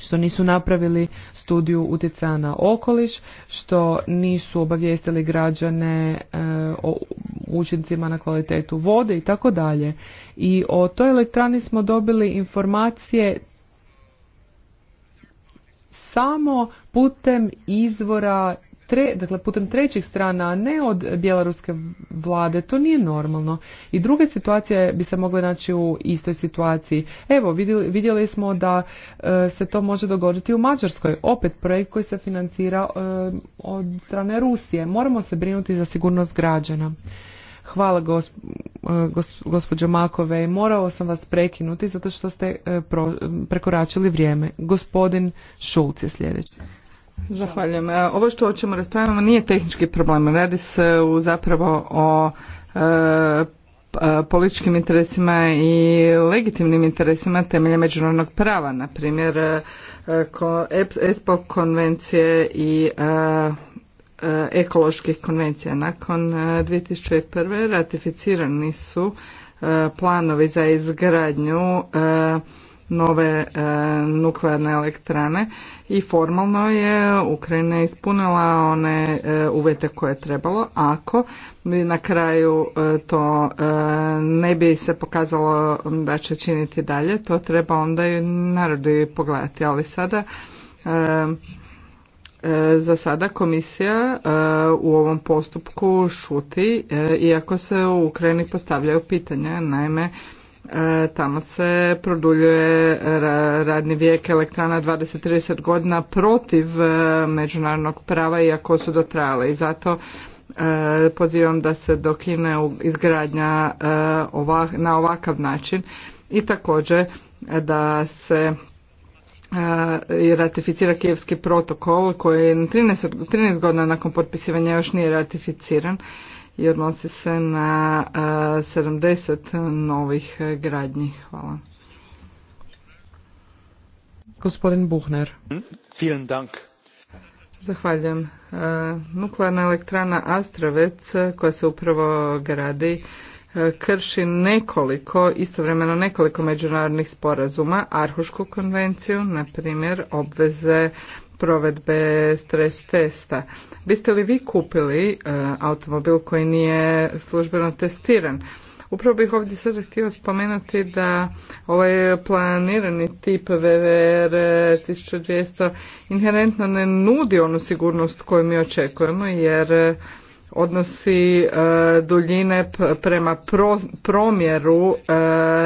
što nisu napravili studiju utjecaja na okoliš, što nisu obavijestili građane e, o učincima na kvalitetu vode i tako dalje. I o toj elektrani smo dobili informacije samo putem izvora tre, dakle putem trećih strana, a ne od bjelaruske vlade, to nije normalno. I druge situacije bi se mogla naći u istoj situaciji. Evo, vidjeli, smo da e, se to može dogoditi u Mađarskoj. Opet projekt koji se financira e, od strane Rusije. Moramo se brinuti za sigurnost građana. Hvala e, gospođo Makove. Morao sam vas prekinuti zato što ste prekoračili vrijeme. Gospodin Šulc je sljedeći. Zahvaljujem. E, ovo što čemu raspravljamo nije tehnički problem. Radi se u zapravo o e, e, političkim interesima i legitimnim interesima temelja međunarodnog prava, na primjer ESPO konvencije i ekoloških konvencija. Nakon 2001. ratificirani su planovi za izgradnju nove e, nuklearne elektrane i formalno je Ukrajina ispunila one e, uvjete koje je trebalo ako bi na kraju e, to e, ne bi se pokazalo da će činiti dalje to treba onda i narodu pogledati ali sada za sada komisija u ovom postupku šuti iako se u Ukrajini postavljaju pitanja naime E, tamo se produljuje radni vijek elektrana 20-30 godina protiv e, međunarodnog prava iako su dotrajale i zato e, pozivam da se dokine izgradnja na ovakav način i također da se i ratificira Kijevski protokol koji 13, 13 godina nakon potpisivanja još nije ratificiran i odnosi se na 70 e, novih gradnji. Hvala. Gospodin Buhner. Vielen Dank. Zahvaljujem. E, nuklearna elektrana Astravec e, koja se upravo gradi krši nekoliko, istovremeno nekoliko međunarodnih sporazuma, Arhušku konvenciju, na primjer obveze provedbe stres testa. Biste li vi kupili e, automobil koji nije službeno testiran? Upravo bih ovdje sad htio spomenuti da ovaj planirani tip VVR 1200 inherentno ne nudi onu sigurnost koju mi očekujemo jer odnosi e, duljine prema promjeru e,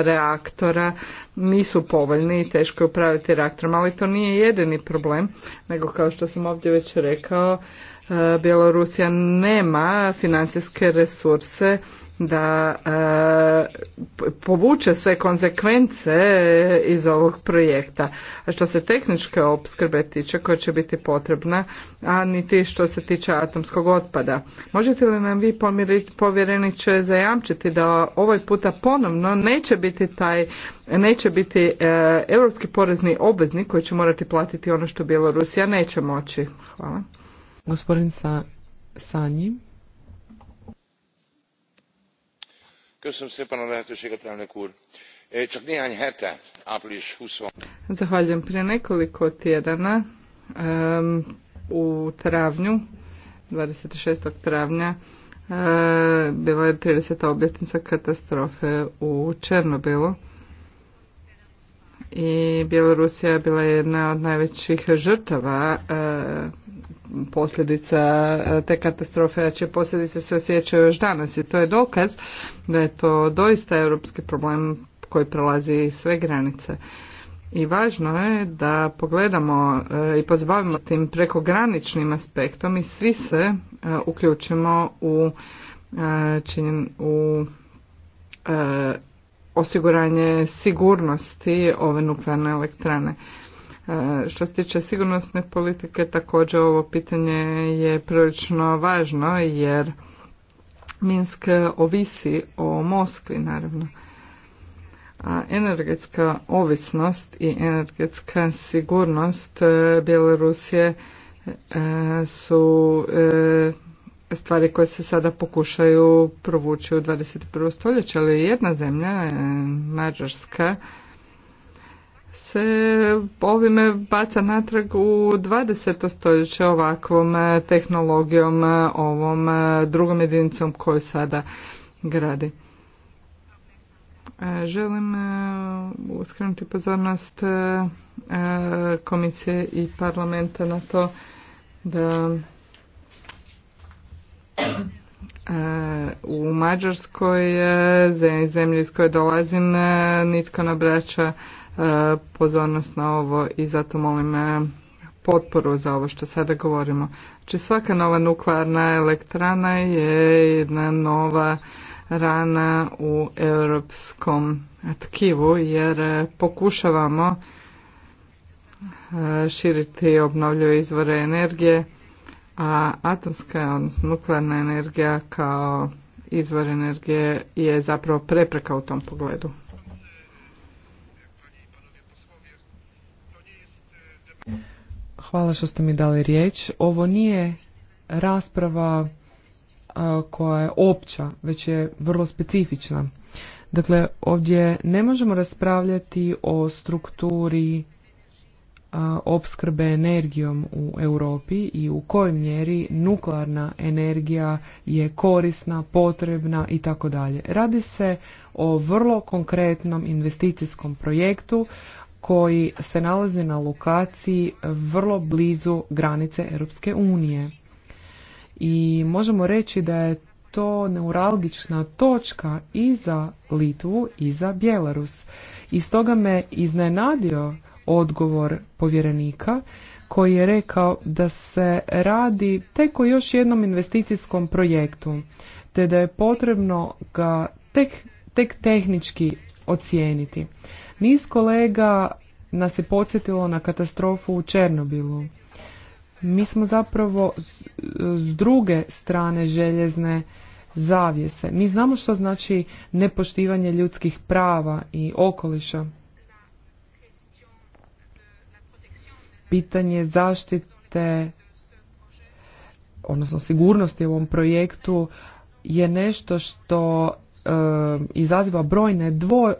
reaktora nisu povoljni i teško je upraviti reaktorom, ali to nije jedini problem, nego kao što sam ovdje već rekao, E, Bjelorusija nema financijske resurse da e, povuče sve konsekvence iz ovog projekta. A što se tehničke opskrbe tiče koja će biti potrebna, a niti što se tiče atomskog otpada. Možete li nam vi povjereniče zajamčiti da ovaj puta ponovno neće biti taj neće biti e, europski porezni obveznik koji će morati platiti ono što Bjelorusija neće moći. Hvala. Gospodin Sa Sanji. Zahvaljujem. Prije nekoliko tjedana u travnju, 26. travnja, bila je 30. obljetnica katastrofe u Černobilu i Bjelorusija je bila jedna od najvećih žrtava e, posljedica e, te katastrofe, a čije posljedice se osjećaju još danas i to je dokaz da je to doista europski problem koji prelazi sve granice. I važno je da pogledamo e, i pozbavimo tim prekograničnim aspektom i svi se uključimo u, činjen, u osiguranje sigurnosti ove nuklearne elektrane. E, što se tiče sigurnosne politike, također ovo pitanje je prilično važno jer Minsk ovisi o Moskvi, naravno. A energetska ovisnost i energetska sigurnost e, Bjelorusije e, su stvari koje se sada pokušaju provući u 21. stoljeće, ali jedna zemlja, e, Mađarska, se ovime baca natrag u 20. stoljeće ovakvom e, tehnologijom, e, ovom drugom jedinicom koju sada gradi. Želim uskrenuti pozornost komisije i parlamenta na to da u Mađarskoj e, zemlji iz koje dolazim e, nitko ne obraća e, pozornost na ovo i zato molim potporu za ovo što sada govorimo. Znači svaka nova nuklearna elektrana je jedna nova rana u europskom tkivu jer pokušavamo širiti obnovljive izvore energije a atomska, odnosno nuklearna energija kao izvor energije je zapravo prepreka u tom pogledu. Hvala što ste mi dali riječ. Ovo nije rasprava koja je opća, već je vrlo specifična. Dakle, ovdje ne možemo raspravljati o strukturi opskrbe energijom u Europi i u kojoj mjeri nuklearna energija je korisna, potrebna i tako dalje. Radi se o vrlo konkretnom investicijskom projektu koji se nalazi na lokaciji vrlo blizu granice Europske unije. I možemo reći da je to neuralgična točka i za Litvu i za Bjelarus. I stoga me iznenadio odgovor povjerenika koji je rekao da se radi tek o još jednom investicijskom projektu te da je potrebno ga tek, tek tehnički ocijeniti. Niz kolega nas je podsjetilo na katastrofu u Černobilu. Mi smo zapravo s druge strane željezne zavjese. Mi znamo što znači nepoštivanje ljudskih prava i okoliša. pitanje zaštite odnosno sigurnosti u ovom projektu je nešto što izaziva brojne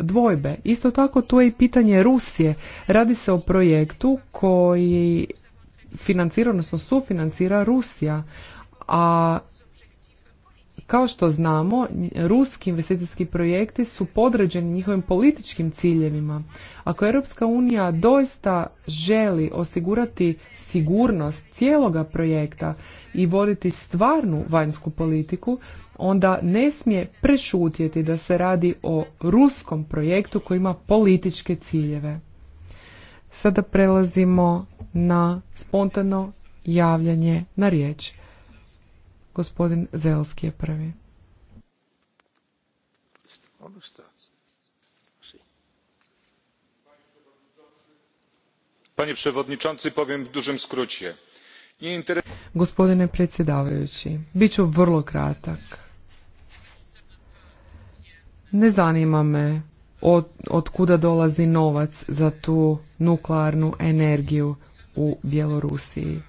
dvojbe. Isto tako to je i pitanje Rusije. Radi se o projektu koji financira, odnosno sufinancira Rusija, a kao što znamo, ruski investicijski projekti su podređeni njihovim političkim ciljevima. Ako Europska unija doista želi osigurati sigurnost cijeloga projekta i voditi stvarnu vanjsku politiku, onda ne smije prešutjeti da se radi o ruskom projektu koji ima političke ciljeve. Sada prelazimo na spontano javljanje na riječ. Gospodin Zelski je prvi. Panie przewodniczący, powiem w dużym skrócie. interesuje. Gospodine predsjedavajući, bit ću vrlo kratak. Ne zanima me od, od kuda dolazi novac za tu nuklearnu energiju u Bjelorusiji.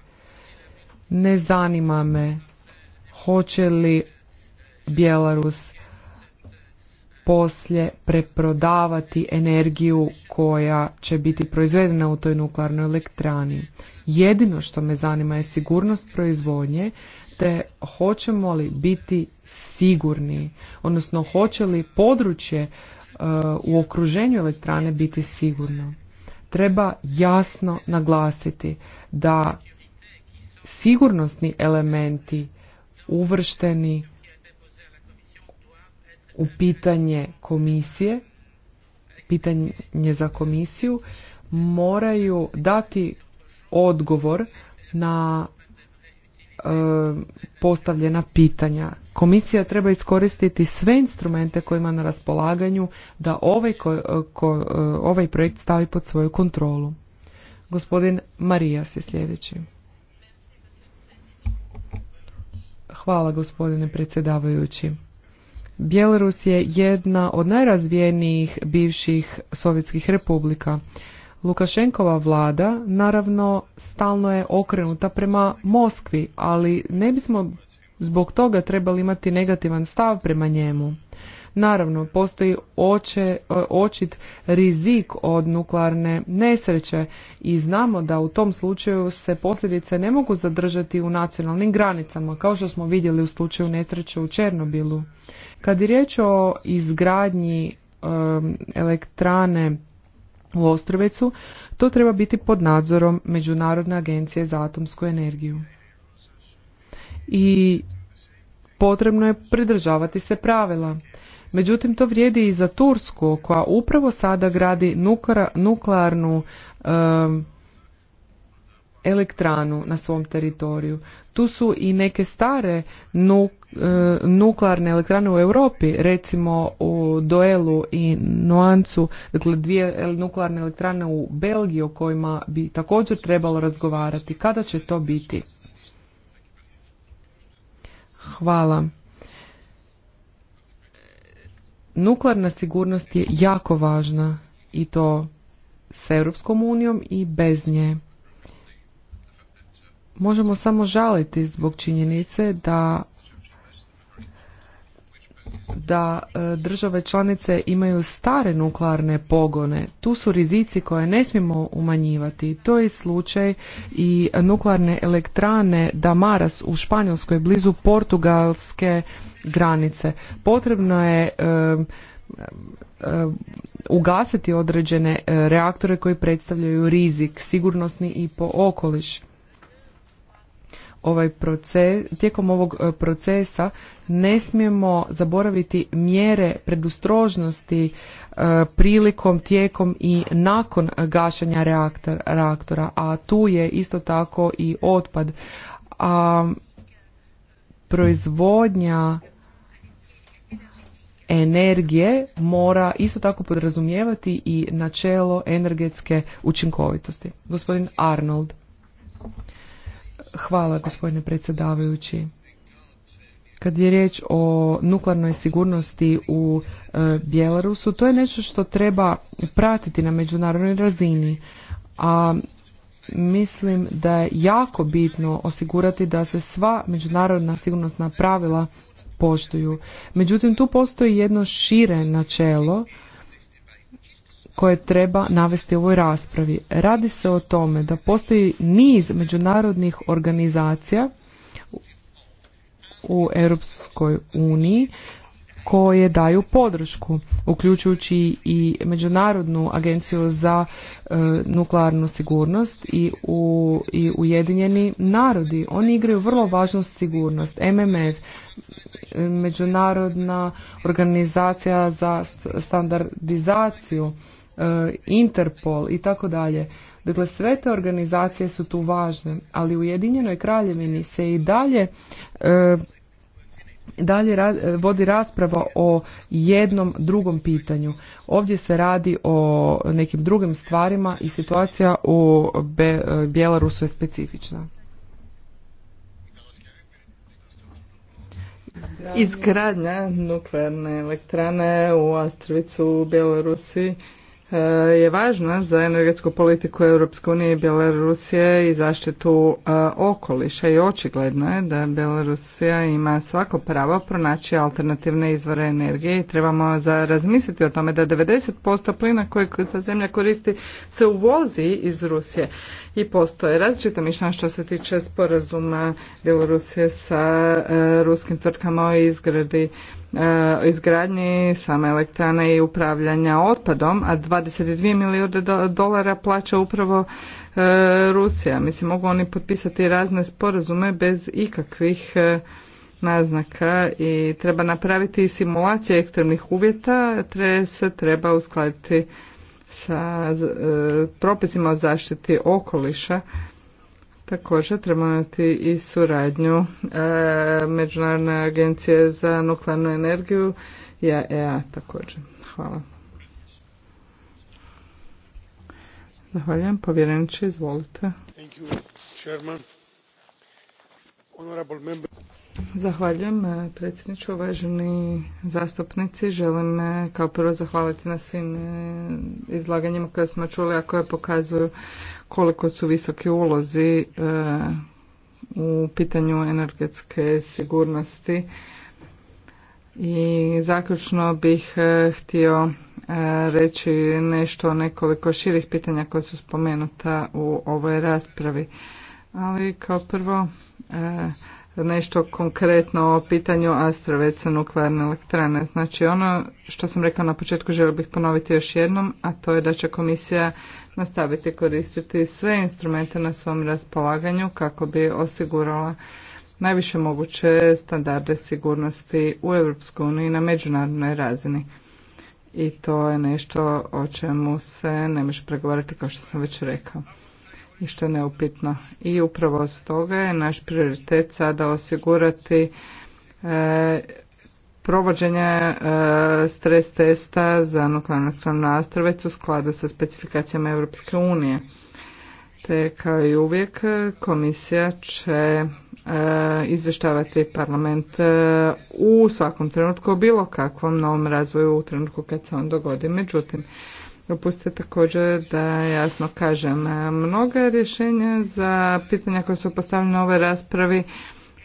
Ne zanima me hoće li Bjelarus poslije preprodavati energiju koja će biti proizvedena u toj nuklearnoj elektrani. Jedino što me zanima je sigurnost proizvodnje, te hoćemo li biti sigurni, odnosno hoće li područje e, u okruženju elektrane biti sigurno. Treba jasno naglasiti da sigurnosni elementi uvršteni u pitanje komisije, pitanje za komisiju, moraju dati odgovor na e, postavljena pitanja. Komisija treba iskoristiti sve instrumente koje ima na raspolaganju da ovaj, e, e, ovaj projekt stavi pod svoju kontrolu. Gospodin Marijas je sljedeći. Hvala gospodine predsjedavajući. Bjelorus je jedna od najrazvijenijih bivših sovjetskih republika. Lukašenkova vlada naravno stalno je okrenuta prema Moskvi, ali ne bismo zbog toga trebali imati negativan stav prema njemu. Naravno, postoji oče, e, očit rizik od nuklearne nesreće i znamo da u tom slučaju se posljedice ne mogu zadržati u nacionalnim granicama, kao što smo vidjeli u slučaju nesreće u Černobilu. Kad je riječ o izgradnji elektrane u Ostrovecu, to treba biti pod nadzorom Međunarodne agencije za atomsku energiju. I potrebno je pridržavati se pravila. Međutim, to vrijedi i za Tursku koja upravo sada gradi nuklearnu elektranu na svom teritoriju. Tu su i neke stare e, nuklearne elektrane u Europi, recimo u Doelu i Nuancu, dakle dvije nuklearne elektrane u Belgiji o kojima bi također trebalo razgovarati. Kada će to biti? Hvala. Nuklearna sigurnost je jako važna i to s Europskom unijom i bez nje. Možemo samo žaliti zbog činjenice da da e, države članice imaju stare nuklearne pogone. Tu su rizici koje ne smijemo umanjivati. To je slučaj i nuklearne elektrane Damaras u Španjolskoj blizu portugalske granice. Potrebno je e, e, ugasiti određene reaktore koji predstavljaju rizik sigurnosni i po okoliš ovaj proces, tijekom ovog e, procesa ne smijemo zaboraviti mjere predustrožnosti e, prilikom, tijekom i nakon gašenja reaktora, a tu je isto tako i otpad. A proizvodnja energije mora isto tako podrazumijevati i načelo energetske učinkovitosti. Gospodin Arnold. Hvala gospodine predsjedavajući. Kad je riječ o nuklearnoj sigurnosti u e, Bjelarusu, to je nešto što treba pratiti na međunarodnoj razini. A mislim da je jako bitno osigurati da se sva međunarodna sigurnosna pravila poštuju. Međutim, tu postoji jedno šire načelo koje treba navesti u ovoj raspravi. Radi se o tome da postoji niz međunarodnih organizacija u Europskoj uniji koje daju podršku, uključujući i Međunarodnu agenciju za e, nuklearnu sigurnost i, u, i Ujedinjeni narodi. Oni igraju vrlo važnu sigurnost. MMF, Međunarodna organizacija za standardizaciju E, Interpol i tako dalje. Dakle, sve te organizacije su tu važne, ali u Ujedinjenoj kraljevini se i dalje e, dalje e, vodi rasprava o jednom drugom pitanju. Ovdje se radi o nekim drugim stvarima i situacija u Be Bjelarusu je specifična. Izgradnja nuklearne elektrane u Astrovicu u Bjelorusiji Eh, je važna za energetsku politiku Europske unije i Bjelorusije i zaštitu eh, okoliša i očigledno je da Bjelorusija ima svako pravo pronaći alternativne izvore energije i trebamo za razmisliti o tome da 90% plina koje ta zemlja koristi se uvozi iz Rusije i postoje različita mišljenja što se tiče sporazuma Bjelorusije sa e, ruskim tvrtkama o izgradi e, izgradnji same elektrane i upravljanja otpadom, a 22 milijarde dolara plaća upravo e, Rusija. Mislim, mogu oni potpisati razne sporazume bez ikakvih naznaka i treba napraviti simulacije ekstremnih uvjeta, tre se treba uskladiti sa e, propisima o zaštiti okoliša Također trebamo imati i suradnju e, Međunarodne agencije za nuklearnu energiju i AEA e također. Hvala. Zahvaljujem. Povjereniče, izvolite. Thank you, Zahvaljujem e, predsjedniče, uvaženi zastupnici. Želim e, kao prvo zahvaliti na svim e, izlaganjima koje smo čuli, a koje pokazuju koliko su visoki ulozi u pitanju energetske sigurnosti. I zaključno bih htio reći nešto o nekoliko širih pitanja koja su spomenuta u ovoj raspravi. Ali kao prvo nešto konkretno o pitanju Astraveca nuklearne elektrane. Znači ono što sam rekao na početku želio bih ponoviti još jednom, a to je da će komisija nastaviti koristiti sve instrumente na svom raspolaganju kako bi osigurala najviše moguće standarde sigurnosti u EU i na međunarodnoj razini. I to je nešto o čemu se ne može pregovarati kao što sam već rekao i što je neupitno. I upravo toga je naš prioritet sada osigurati e, provođenje e, stres testa za nuklearnu elektronu Astrovec u skladu sa specifikacijama Europske unije. Te kao i uvijek komisija će e, izvještavati parlament u svakom trenutku o bilo kakvom novom razvoju u trenutku kad se on dogodi. Međutim, Dopustite također da jasno kažem, mnoga rješenja za pitanja koja su postavljena u ovoj raspravi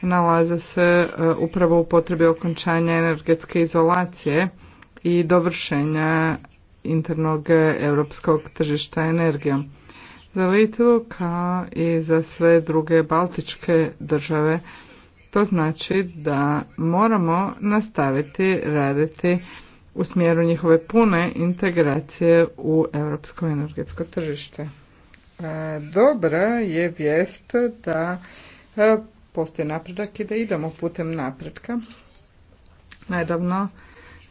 nalaze se e, upravo u potrebi okončanja energetske izolacije i dovršenja internog europskog tržišta energijom. Za Litvu kao i za sve druge baltičke države to znači da moramo nastaviti raditi u smjeru njihove pune integracije u europsko energetsko tržište. E, dobra je vijest da e, postoje napredak i da idemo putem napretka. Nedavno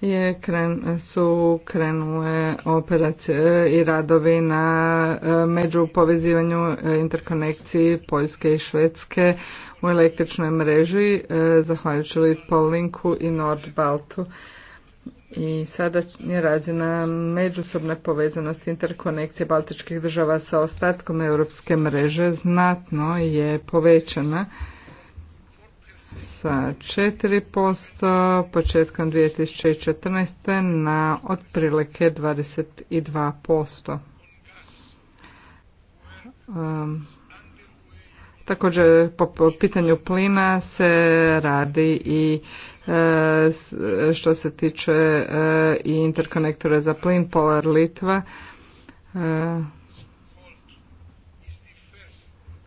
je kren, su krenule operacije e, i radovi na među povezivanju interkonekciji Poljske i Švedske u električnoj mreži zahvaljujući Polinku i Nordbaltu i je razina međusobne povezanosti interkonekcije baltičkih država sa ostatkom europske mreže znatno je povećana sa 4% početkom 2014. na otprilike 22%. Um, također po pitanju plina se radi i E, e, što se tiče e, i interkonektora za plin Polar Litva.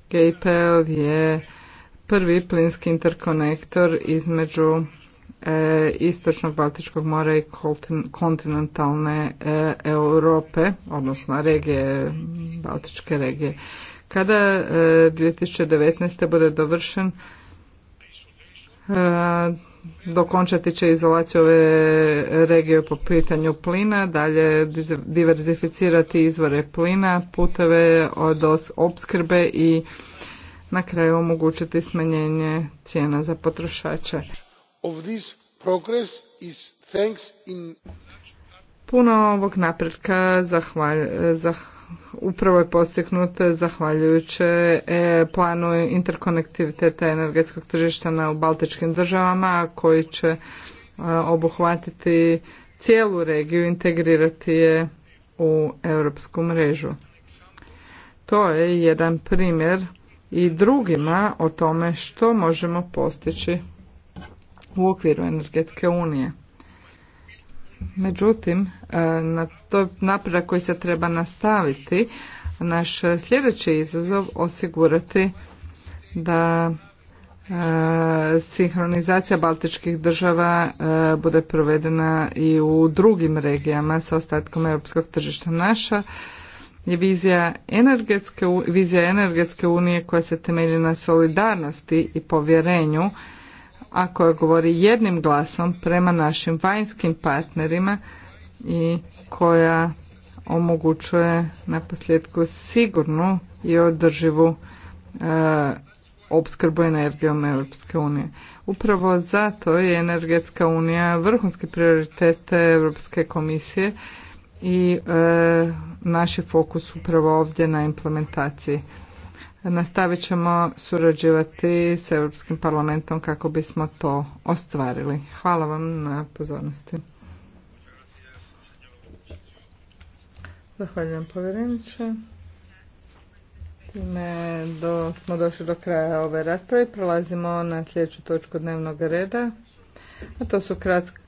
GPL je prvi plinski interkonektor između istočnog Baltičkog mora i kontinentalne Europe, odnosno regije, Baltičke regije. Kada 2019. bude dovršen dokončati će izolaciju ove regije po pitanju plina, dalje diverzificirati izvore plina, puteve od opskrbe i na kraju omogućiti smanjenje cijena za potrošače. Puno ovog napretka zahvaljujem upravo je postignut zahvaljujuće e, planu interkonektiviteta energetskog tržišta na baltičkim državama koji će e, obuhvatiti cijelu regiju, integrirati je u europsku mrežu. To je jedan primjer i drugima o tome što možemo postići u okviru energetske unije. Međutim, e, na to napredak koji se treba nastaviti, naš sljedeći izazov osigurati da e, sinhronizacija baltičkih država e, bude provedena i u drugim regijama sa ostatkom europskog tržišta. Naša je vizija energetske, vizija energetske unije koja se temelji na solidarnosti i povjerenju a koja govori jednim glasom prema našim vanjskim partnerima i koja omogućuje na posljedku sigurnu i održivu e, opskrbu energijom Europske unije. Upravo zato je energetska unija vrhunski prioritet Europske komisije i e, naš fokus upravo ovdje na implementaciji nastavit ćemo surađivati s Europskim parlamentom kako bismo to ostvarili. Hvala vam na pozornosti. Zahvaljujem povjereniče. Time do, smo došli do kraja ove rasprave. prolazimo na sljedeću točku dnevnog reda. A to su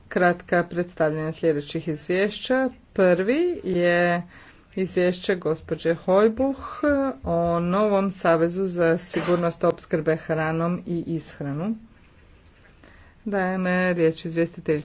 kratka predstavljanja sljedećih izvješća. Prvi je izvješće gospođe Hojbuh o novom savezu za sigurnost opskrbe hranom i ishranu. Dajem eh, riječ izvjestitelj